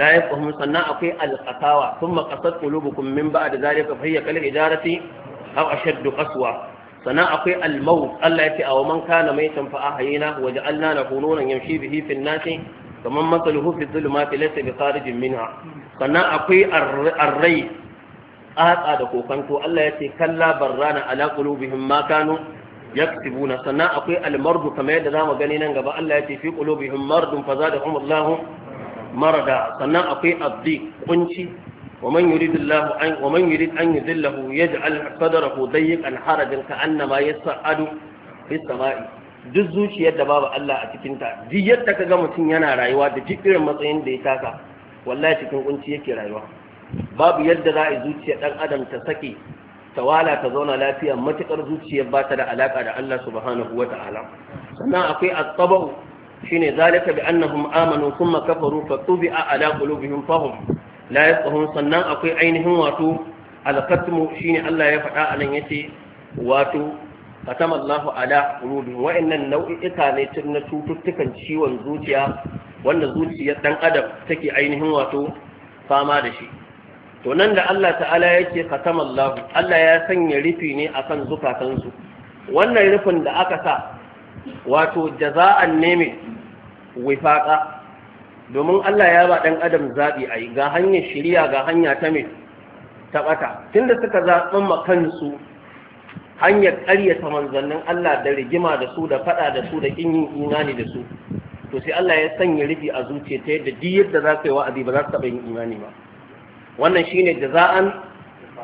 [SPEAKER 1] la yafhamun sannan akwai al-qatawa thumma qasat qulubukum min ba'd dhalika fa hiya kal hijarati aw ashaddu qaswa sannan akwai almaut Allah ya ce a man kana mai tamfa a hayina waje Allah na kunonan yamshi bihi fil nasi kamar masaluhu fi zulumati laysa bi kharijin minha sannan akwai arrai atsa da kokanto Allah ya ce kalla barrana ala qulubihim ma kanu yaktubuna sannan akwai almardu kamar yadda zamu gani nan gaba Allah ya ce fi qulubihim mardun fa fazadahum Allah marada sannan akwai abdi kunci ومن يريد الله أن ومن يريد أن يذله يجعل صدره ضيقا حرجا كأنما يصعد في السماء duk zuciyar da babu Allah a cikinta duk yadda ka ga mutum yana rayuwa da duk irin matsayin da ya taka wallahi cikin kunci yake rayuwa babu yadda za a zuciyar dan adam ta sake ta wala ta zauna lafiya matukar zuciyar ba ta da alaka da Allah subhanahu wa ta'ala sannan akwai at-tabu shine zalika bi annahum amanu thumma kafaru fa tubi'a ala qulubihim fahum la tsohon sannan akwai ainihin wato al shine Allah ya faɗa a ya yace wato katama Allahu ala qulubi wa'annan ita ne tun na cututtukan ciwon zuciya wanda zuciyar dan adam take ainihin wato fama da shi to nan da Allah ta'ala yake katama Allah Allah ya sanya rufi ne akan su wannan rufin da aka sa wato jaza'an ne mai wifaka domin Allah ya ba ɗan adam zaɓi a yi ga hanyar shirya ga hanya ta mai taɓata tun da suka zaɓin makansu hanyar ƙaryata manzannin Allah da rigima da su da faɗa da su da ƙin yin imani da su to sai Allah ya sanya rufi a zuciya ta yadda duk yadda za ka yi wa'azi ba za ka taɓa yin imani ba wannan shi ne da za'an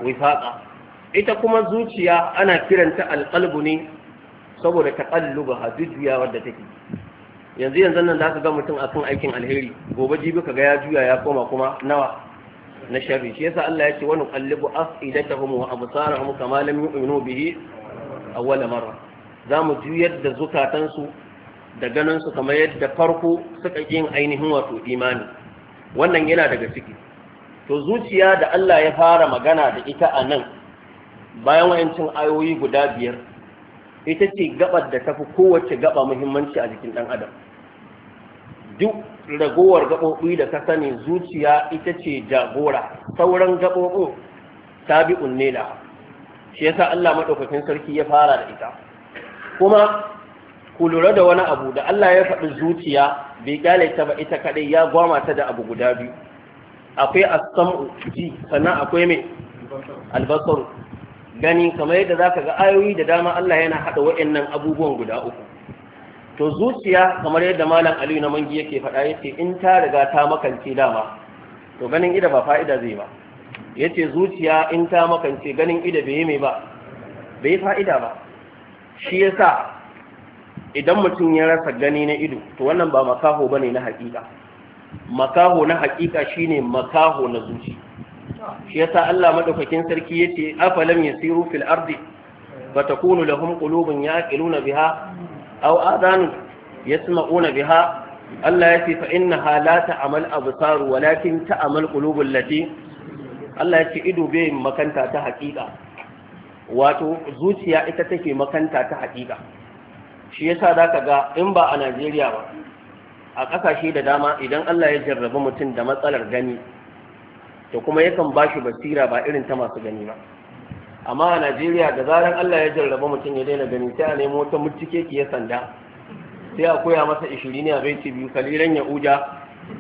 [SPEAKER 1] wifaƙa ita kuma zuciya ana kiranta alƙalbu ne saboda taƙalluba ha wadda da take yanzu yanzu nan za ka ga mutum akan aikin alheri gobe jibi ka ga ya juya ya koma kuma nawa na sharri shi yasa Allah ya ce wani qallibu afidatahum wa absarahum kama lam yu'minu bihi awwal marra za mu juyar da zukatansu da ganin su kamar yadda farko suka yin ainihin wato imani wannan yana daga ciki to zuciya da Allah ya fara magana da ita a nan bayan wayancin ayoyi guda biyar ita ce gabar da tafi kowace gaba muhimmanci a jikin ɗan adam duk ragowar gaɓoɓi da ka sani zuciya ita ce jagora sauran gaɓoɓin tabi'un ne da shi yasa Allah maɗaukakin sarki ya fara da ita kuma ku lura da wani abu da Allah ya faɗi zuciya bai kyale ta ba ita kaɗai ya gwama ta da abu guda biyu akwai as-sam'u ji sannan akwai mai albasaru gani kamar yadda za ka ga ayoyi da dama Allah yana wa'in nan abubuwan guda uku to zuciya kamar yadda malam Aliyu na mangi yake faɗa yace in ta riga ta makance dama to ganin ida ba fa'ida zai ba yace zuciya in ta makance ganin ida bai mai ba bai fa'ida ba shi ya sa idan mutum ya rasa gani na ido to wannan ba makaho ba ne na haƙiƙa makaho na haƙiƙa shine makaho na zuci shi yasa Allah madaukakin sarki yace afalam yasiru fil ardi fatakunu lahum qulubun yaqiluna biha aw adhanun yasma'una biha Allah yace fa innaha la ta'mal absar walakin ta'mal qulubul lati Allah yace ido bai makanta ta haƙiƙa wato zuciya ita take makanta ta haƙiƙa shi yasa zaka ga in ba a Najeriya ba a ƙasashe da dama idan Allah ya jarrabi mutum da matsalar gani to kuma yakan ba shi basira ba irin ta masu gani ba amma a najeriya da zaran allah ya jarraba mutum ya daina gani sai a nemo wata mutuke ya sanda sai a koya masa ishirini a baiti biyu kaliran ya uja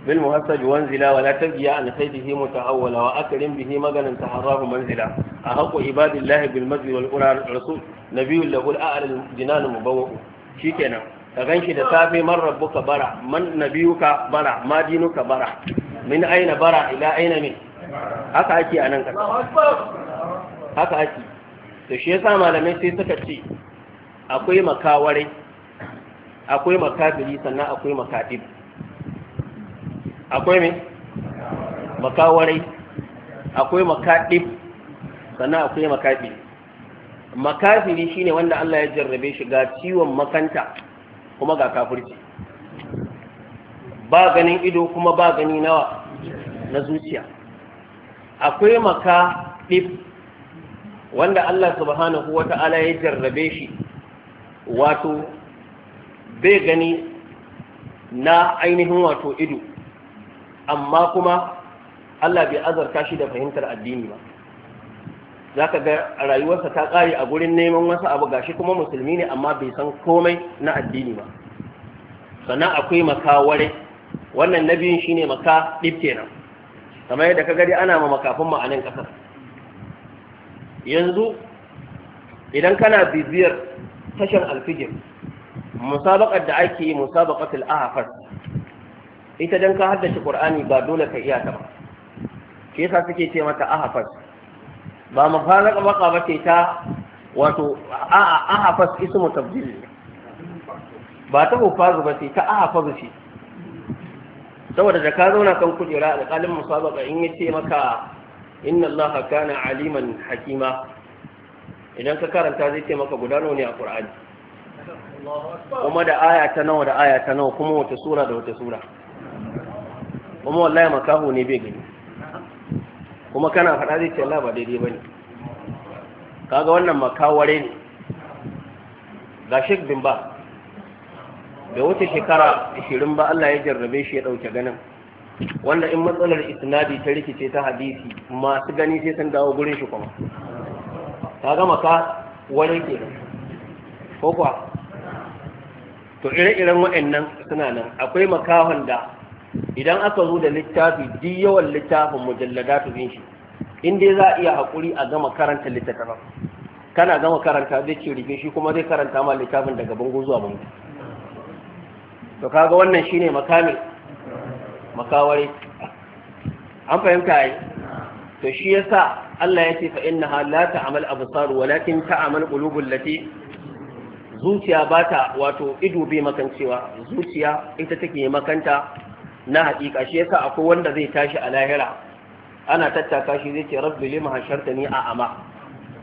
[SPEAKER 1] bil muhassab wanzila wala tabiya an saydihi mutahawwala wa akrim bihi maganan taharrahu manzila a haqu ibadillahi bil mazli wal quran rasul nabiyul lahu a'la jinan shikenan ka ganshi da safe man rabbuka bara man nabiyuka bara ma dinuka bara min aina bara ila aina min haka ake a nan
[SPEAKER 2] ƙasa haka
[SPEAKER 1] ake to shi sa malamai sai suka ce akwai makawarai akwai makafiri sannan akwai makadib akwai me makawarai akwai makadib sannan akwai makafiri makafiri shine wanda Allah ya jarrabe shi ga ciwon makanta kuma ga kafirci ba ganin ido kuma ba gani nawa na zuciya akwai maka ɗif wanda Allah subhanahu wa ta'ala ya jarrabe shi wato bai gani na ainihin wato ido amma kuma Allah bai azarta shi da fahimtar addini ba za ka ga rayuwarsa ta kare a gurin neman wasu abu gashi kuma musulmi ne amma bai san komai na addini ba sannan akwai makaware wannan na shine maka ɗif kenan kamar yadda ka gari ana ma makafin ma'anin ƙasar yanzu idan kana bibiyar tashan alfijir musabaqar da ake yi musabaqatul ahfar ita dan ka haddace qur'ani ba dole ka iya ta ba Ke yasa suke ce mata ahfar ba mafaraqa baka ba ce ta wato a'a ahfar ismu tabdil ba ta hufazu ba ce ta ahfar ce saboda da ka zauna kan kujera alƙalin musabaka in ya ce maka inna Allah kana aliman hakima idan ka karanta zai ce maka guda ne a Qur'ani kuma da aya ta nawa da aya ta nawa kuma wata sura da wata sura kuma wallahi makaho ne bai gani kuma kana faɗa zai ce Allah ba daidai bane kaga wannan makaware ne ga Sheikh bin Ba Da wuce shekara ashirin ba Allah ya jarrabe shi ya ɗauke ganin wanda in matsalar isnadi ta rikice ta hadisi masu gani sai sun dawo gurin shi kuma ta gama ka wani ke ko kuwa to ire-iren waɗannan suna nan akwai makahon da idan aka zo da littafi duk yawan littafin mujalladatu din shi inda za a iya haƙuri a gama karanta littattafan kana gama karanta zai ce rufe shi kuma zai karanta ma littafin daga bango zuwa bango to kaga wannan shine makami makawari an fahimta yi. to shi yasa Allah ya ce fa innaha la ta'mal absar walakin ta'mal qulubul lati zuciya ba ta wato ido bai makancewa zuciya ita take makanta na hakika shi yasa akwai wanda zai tashi a lahira ana tattaka shi zai ce rabbi lima hashartani a ama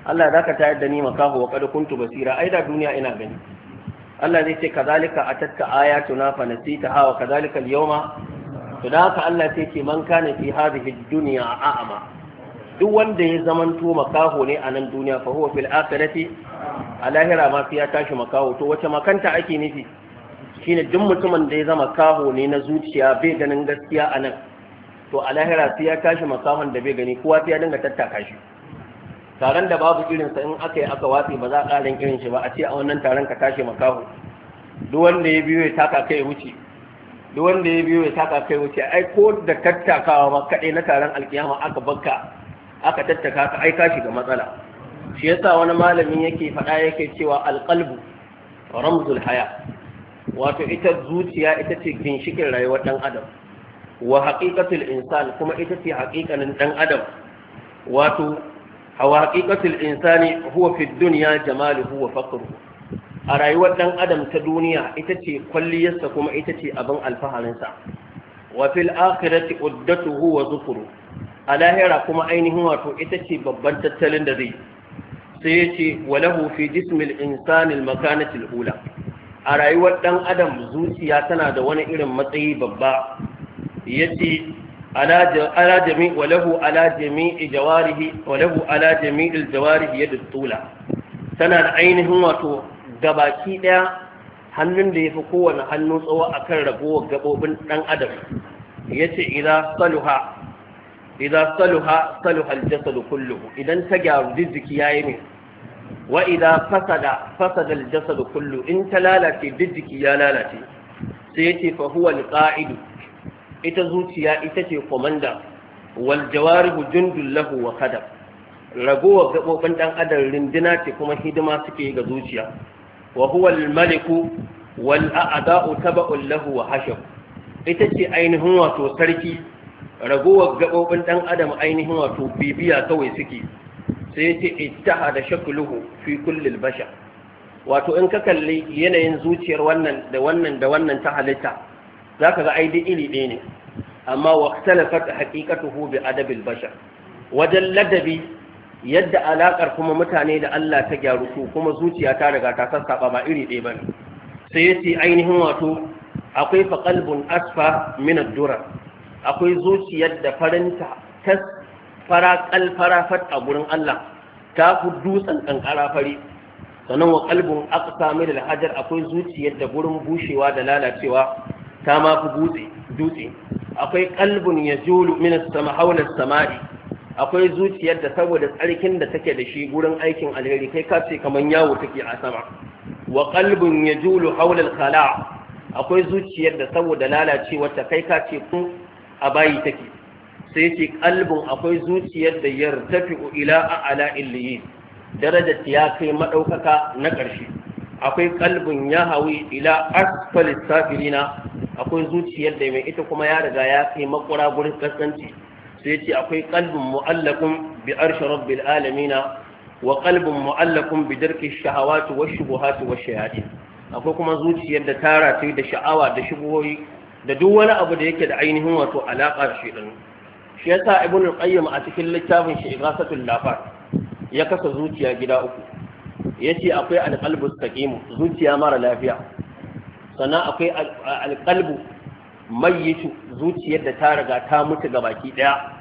[SPEAKER 1] Allah zaka tayar da ni makahu wa qad kuntu basira ai da duniya ina gani Allah zai ce kazalika a aya tuna fa nasitaha wa kazalika al-yawma to Allah sai ce man kana fi hadhihi ad-dunya a'ama duk wanda ya zamanto makaho ne a nan duniya fa huwa fil akhirati a lahira ma fi ya tashi makaho to wace makanta ake nufi shine duk mutumin da ya zama kaho ne na zuciya bai ganin gaskiya a nan to a lahira sai ya tashi makahon da bai gani kowa fi ya dinga tattaka shi taron da babu irinsa in aka yi aka watsi ba za a ƙarin irin shi ba a ce a wannan taron ka tashi makaho duk wanda ya biyo ya taka kai wuce duk wanda ya biyo ya taka kai wuce ai ko da tattakawa ma kaɗai na taron alkiyama aka bakka aka tattaka ka ai ka shiga matsala shi yasa wani malamin yake faɗa yake cewa alqalbu ramzul haya wato ita zuciya ita ce ginshikin rayuwar ɗan adam wa haqiqatul insan kuma ita ce haƙiƙanin ɗan adam wato hawa haqiqatul insani huwa fi dunya jamaluhu wa a rayuwar ɗan adam ta duniya ita ce kwalliyarsa kuma ita ce abin alfaharinsa wa fil akhirati uddatuhu huwa zukuru a lahira kuma ainihin wato ita ce babban tattalin da zai sai ya ce walahu fi jismil insanin makanatil hula a rayuwar ɗan adam zuciya tana da wani irin matsayi babba ya ce ala jami walahu ala jami'i jawarihi walahu ala jami'il jawarihi yadu tula tana da ainihin wato gabaki daya hannun da ya fi kowane hannu tsawo akan ragowar gabobin dan adam ce idza saluha idza saluha saluha al-jasad kulluhu idan ta gyaru jiki yayi ne wa idza fasada fasada al-jasad kullu in ta lalace jiki ya lalace sai yace fa huwa al ita zuciya ita ce komanda wal jawarihu jundul lahu wa khadam ragowar gabobin dan adam rinduna ce kuma hidima suke ga zuciya wa huwa al maliku wal a'da'u taba'un lahu wa hashab ita ce ainihin wato sarki ragowar gabobin dan adam ainihin wato bibiya kawai suke sai yace ittaha da shakluhu fi kulli al bashar wato in ka kalli yanayin zuciyar wannan da wannan da wannan ta halitta za ka ga ai duk iri ɗaya ne amma wa talafat haqiqatuhu bi adabil bashar wajen ladabi yadda alaƙar kuma mutane da Allah ta gyaru ko kuma zuciya ta riga ta sassaɓa, ba iri ɗaya bane sai yace ainihin wato akwai fa qalbun asfa min ad-dura akwai zuciyar da farinta ta fara kalfara a gurin Allah ta ku dutsen kankara fari sannan wa qalbun aqsa min al-hajar akwai zuciyar da gurin bushewa da lalacewa ta ma fi dutse akwai qalbun yazulu min sama hawla samai akwai zuciyar da saboda tsarkin da take da shi gurin aikin alheri kai ka ce kaman yawo take a sama wa qalbun ya hawla al-khala' akwai zuciyar da saboda lalacewar ta kai ka ce ku a bayi take sai ce qalbun akwai zuciyar da yartafi ila a'la illiyin darajar ya kai madaukaka na ƙarshe akwai kalbin ya hawi ila asfalis safirina akwai zuciyar da mai ita kuma ya riga ya kai makura gurin kasance sai ce akwai kalbin mu'allakun bi arshi rabbil alamina wa kalbin mu'allakun bi darki shahawatu wa shubuhatu wa shayatin akwai kuma zuciyar da tara ta da sha'awa da shubuhoyi da duk wani abu da yake da ainihin wato alaƙa shi din shi yasa ibnu qayyim a cikin littafin shi igasatul lafat ya kasa zuciya gida uku Ya ce akwai alqalbu saqim zuciya mara lafiya sannan akwai alqalbu mayyitu zuciyar da ta riga ta mutu ga baki ɗaya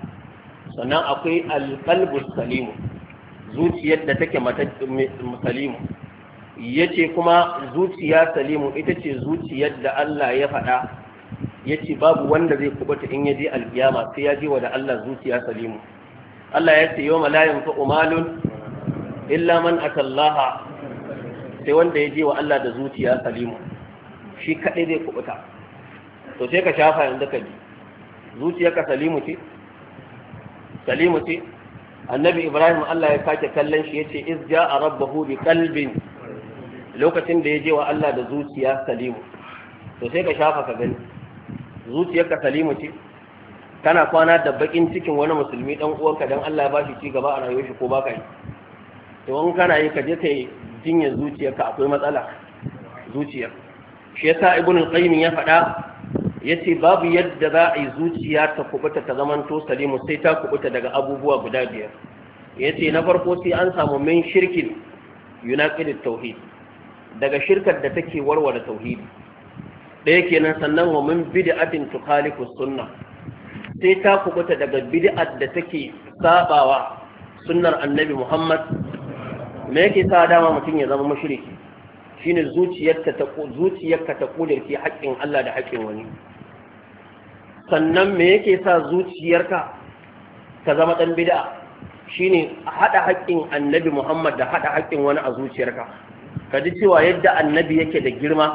[SPEAKER 1] sannan akwai alqalbu Salimu zuciyar da take mata salimu ce kuma zuciya salimu ita ce zuciyar da Allah ya faɗa ya ce babu wanda zai kubuta in ya je alkiyama sai ya je wa da Allah zuciya salimu Allah ya ce yawma la yanfa'u malun illa man atallaha sai wanda ya je wa Allah da zuciya salimu shi kadai zai kubuta to sai ka shafa yanzu ka ji zuciyarka salimu ce salimu ce annabi ibrahim Allah ya sake kallon shi yace iz ja'a rabbahu bi qalbin lokacin da ya je wa Allah da zuciya salimu to sai ka shafa ka gani zuciyarka salimu ce kana kwana da bakin cikin wani musulmi dan uwanka dan Allah ya bashi ci gaba a rayuwar shi ko baka yi to kana yi kaje ka yi jinyar zuciyar ka, akwai matsala zuciyar. shi yasa ibn al-qayyim ya faɗa yace babu yadda za a yi zuciya ta kubuta ta zamanto salimu sai ta kubuta daga abubuwa guda biyar yace na farko sai an samu min shirkin yunaqid tauhid daga shirkar da take warware tauhidi ɗaya kenan sannan wa min bid'atin tukhalifu sunna sai ta kubuta daga bid'at da take sabawa sunnar annabi Muhammad me yake sa dama mutum ya zama mushriki shine zuciyarka ta zuciyarka ta kudirce haƙƙin Allah da haƙƙin wani sannan me yake sa zuciyarka ta zama dan bid'a shine hada haƙƙin annabi Muhammad da hada haƙƙin wani a zuciyarka ka ji cewa yadda annabi yake da girma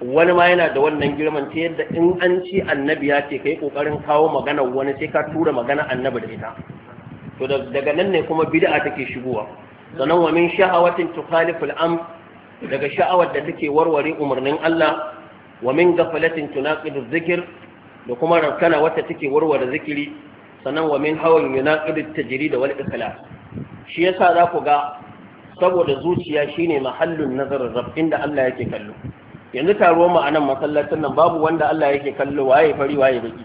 [SPEAKER 1] wani ma yana da wannan girman ta yadda in an ci annabi ya ce kai kokarin kawo magana wani sai ka tura magana annabi da ita to daga nan ne kuma bid'a take shigowa sannan wa min sha'awatin tukhaliful am daga sha'awar da take warware umarnin Allah wa min ghaflatin tunaqidu dhikr da kuma rankana wata take warware zikiri sannan wa min hawan yunaqidu ta jarida wal ikhla shi yasa za ku ga saboda zuciya shine mahallun nazar rabb inda Allah yake kallo yanzu taro mu anan nan masallacin nan babu wanda Allah yake kallo waye fari waye baki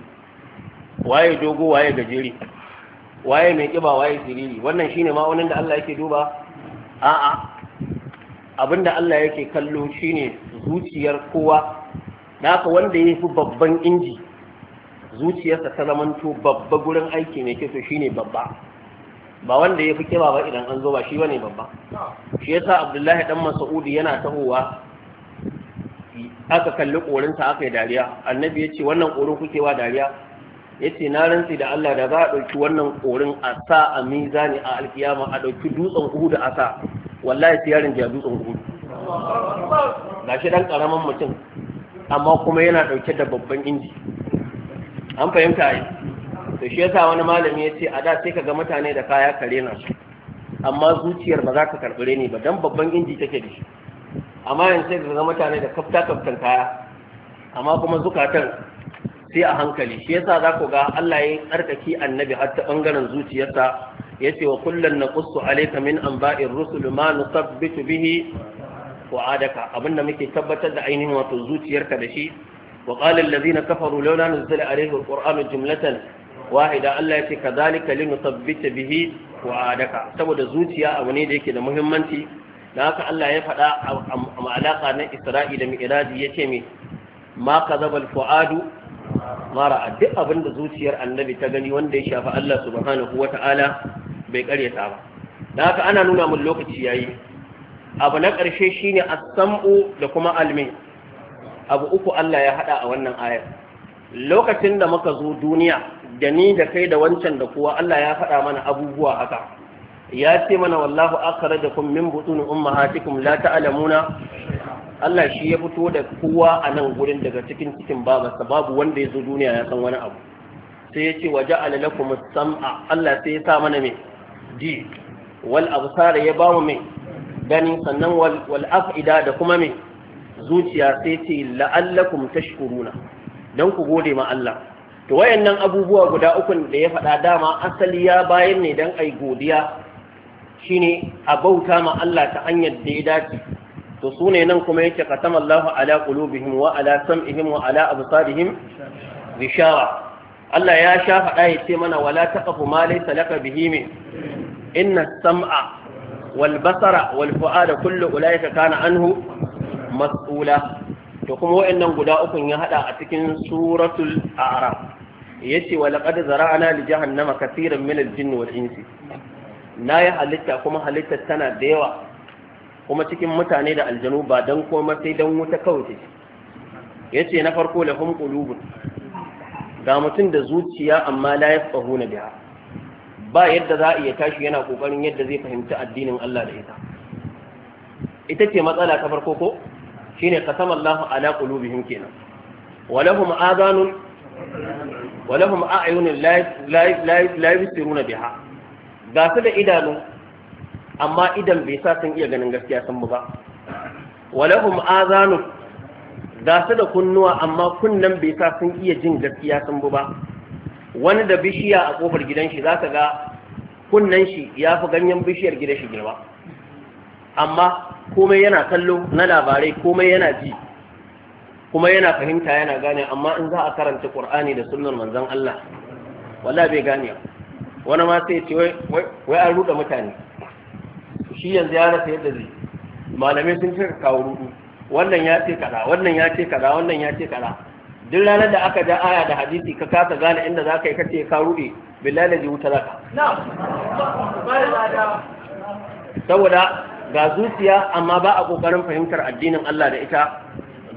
[SPEAKER 1] waye dogo waye gajeri waye mai kiba waye siriri wannan shine ma'aunin da Allah yake duba a'a abinda Allah yake kallo shine zuciyar kowa naka wanda ya fi babban inji zuciyarsa ta zamanto babba gurin aiki mai kyau shine babba ba wanda ya fi kiba ba idan an zo ba shi ne babba shi yasa Abdullahi dan Mas'udi yana tahowa aka kalli korinsa aka yi dariya annabi ya ce wannan korin kuke wa dariya Ya ce na rantsi da Allah da za a ɗauki wannan ƙorin a sa a ne a alkiyama a ɗauki dutsen da a sa wallahi sai yarin ya dutsen Ga shi ɗan ƙaramin mutum amma kuma yana ɗauke da babban inji an fahimta yi to shi yasa wani malami ce a da sai kaga mutane da kaya kare na amma zuciyar ba za ka karɓi ni ba dan babban inji take da shi amma yanzu sai kaga mutane da kafta kaftan kaya amma kuma zukatan sai a hankali shi yasa za ku ga Allah ya tsarkaki annabi har ta bangaren zuciyarsa ce wa na naqussu alaika min anba'ir rusul ma nusabbitu bihi adaka. abinda muke tabbatar da ainihin wato zuciyarka da shi wa qala allazina kafaru laula nuzila alayhi alqur'anu jumlatan wahida Allah yace kadhalika linusabbita bihi adaka. saboda zuciya abu ne da yake da muhimmanci da haka Allah ya faɗa a alaka na Isra'i da Mi'raji yace mai ma kadhabal fu'adu Mara a duk abin da zuciyar annabi ta gani wanda ya shafi Allah subhanahu wata'ala bai karyata ba da haka ana nuna mun lokaci yayi abu na ƙarshe shine as-sam'u da kuma almi abu uku Allah ya hada a wannan ayar lokacin da muka zo duniya da ni da kai da wancan da kowa Allah ya faɗa mana abubuwa haka ya ce mana wallahu akhrajakum min butun ummahatikum la ta'lamuna Allah shi ya fito da kowa a nan gurin daga cikin cikin babarsa babu wanda ya zo duniya ya san wani abu sai ya ce waje alalakum sam'a Allah sai ya sa mana mai ji wal absara ya bamu mai gani sannan wal af'ida da kuma mai zuciya sai ce la'allakum tashkuruna don ku gode ma Allah to wayannan abubuwa guda ukun da ya faɗa dama asali ya bayan ne dan ai godiya shine a bauta ma Allah ta hanyar da ya dace to su ne nan kuma yake katama Allahu ala qulubihim wa ala sam'ihim wa ala absarihim bishara Allah ya sha faɗa ya ce mana wala taqafu ma laysa laka bihi min inna sam'a wal basara wal fu'ada kullu ulaika kana anhu mas'ula to kuma wayannan guda ukun ya hada a cikin suratul a'raf yace wa laqad zara'na li jahannama katiran min al-jinni wal insi na ya halitta kuma halitta tana da yawa kuma cikin mutane da aljanu ba dan koma sai dan wuta kawai ya ce na farko da hum ga mutum da zuciya amma la yafqahuna biha ba yadda za a iya tashi yana kokarin yadda zai fahimci addinin Allah da ita ita ce matsala ta farko ko shine qasama Allahu ala qulubihim kenan ولهم آذان ولهم أعين لا لا لا ga su da idanu amma idan bai sa sun iya ganin gaskiya sun ba walahum azanu ga su da kunnuwa amma kunnan bai sa sun iya jin gaskiya sun ba wani da bishiya a kofar gidan shi zaka ga kunnan shi ya fi ganyen bishiyar gidan shi girma amma komai yana kallo na labarai komai yana ji kuma yana fahimta yana gane amma in za a karanta qur'ani da sunnar manzon Allah wala bai gane wani ma sai ce wai an ruɗa mutane shi yanzu ya rasa yadda zai malamai sun ce kawo rudu wannan ya ce kada wannan ya ce kada wannan ya ce kada duk ranar da aka ja aya da hadisi ka kasa gane inda za ka yi kace ka rude billahi da wuta zaka saboda ga zuciya amma ba a kokarin fahimtar addinin Allah da ita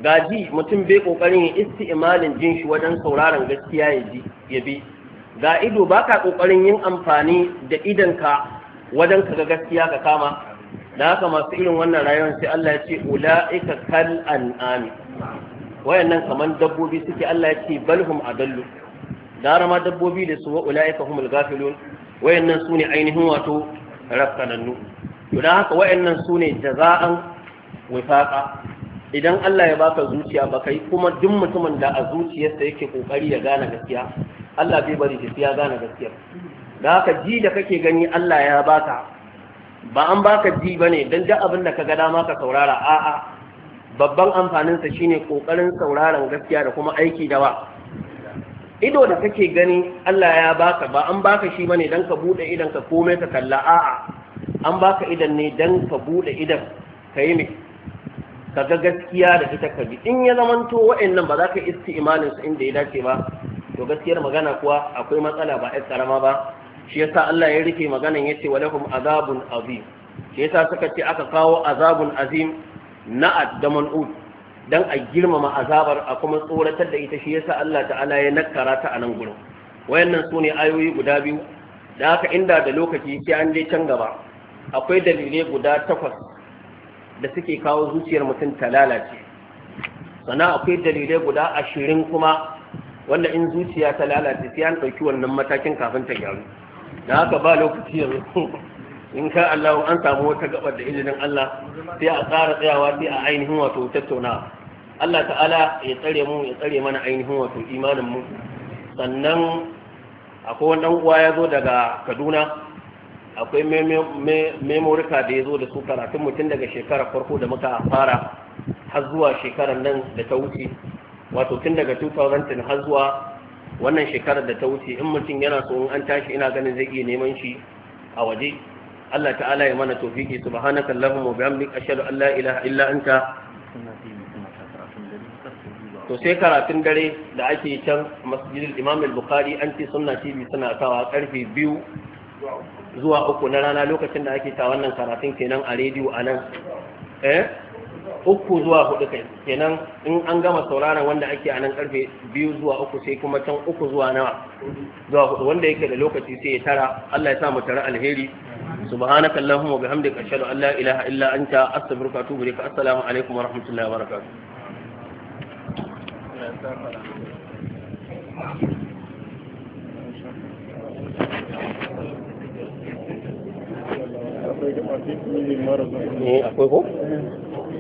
[SPEAKER 1] ga ji mutum bai kokarin ya isti'malin jin shi wajen sauraron gaskiya ya ji bi ga ido baka kokarin yin amfani da idanka wajen kaga gaskiya ka kama da haka masu irin wannan rayuwar sai Allah ya ce ula'ika kal an'ami wayannan kaman dabbobi suke Allah ya ce balhum adallu da ma dabbobi da su wa ula'ika humul gafilun wayannan sune ainihin wato rafkanannu to dan haka wayannan sune jaza'an wifaqa idan Allah ya baka zuciya baka yi kuma duk mutumin da a zuciyarsa yake kokari ya gane gaskiya Allah bai bari shi ya gane gaskiya da haka ji da kake gani Allah ya baka ba an baka ji bane don duk abin da ka ga dama ka saurara a'a babban amfaninsa shi shine kokarin sauraron gaskiya da kuma aiki da wa ido da kake gani Allah ya baka ba an baka shi bane don ka bude idan ka komai ka kalla a'a an baka idan ne don ka bude idan ka yi ka ga gaskiya da ita ka bi in ya zamanto wa'annan ba za ka isti'imalin su inda ya dace ba to gaskiyar magana kuwa akwai matsala ba ai karama ba shi yasa Allah ya rufe maganan yace walahum azabun azim shi yasa suka ce aka kawo azabun azim na da man'ud dan a girmama azabar a kuma tsoratar da ita shi yasa Allah ta'ala ya nakkara ta anan nan gurin wayannan sune ayoyi guda biyu da haka inda da lokaci sai an je can gaba akwai dalilai guda takwas da suke kawo zuciyar mutum ta lalace sana akwai dalilai guda ashirin kuma wanda in zuciya ta lalace sai an ɗauki wannan matakin kafin ta gyaru da haka ba lokaci yanzu in ka Allah an samu wata gabar da izinin Allah sai a tsara tsayawa sai a ainihin wato tattauna Allah ta'ala ya tsare mu ya tsare mana ainihin wato imanin mu sannan akwai wani uwa ya zo daga Kaduna akwai memorika da ya zo da su karatun mutum daga shekarar farko da muka fara har zuwa shekarar nan da ta wuce wato tun daga 2010, har zuwa wannan shekarar da ta wuce in mutum yana so in an tashi ina ganin zai iya neman shi a waje Allah ta'ala ya mana tawfiqi subhanaka allahumma wa bihamdika ashhadu an la ilaha illa anta to sai karatun dare da ake can masjidil imam al-bukhari an ce sunna tv suna kawa karfe biyu zuwa uku na rana lokacin da ake ta wannan karatun kenan a rediyo a nan eh uku zuwa hudu kai kenan in an gama sauraron wanda ake a nan karfe biyu zuwa uku sai kuma can uku zuwa nawa zuwa hudu wanda yake da lokaci sai ya tara Allah ya sa mu tara alheri subhanaka allahumma wa bihamdika ashhadu an la ilaha illa anta astaghfiruka wa atubu ilayka assalamu alaikum wa rahmatullahi wa barakatuh
[SPEAKER 2] akwai ko?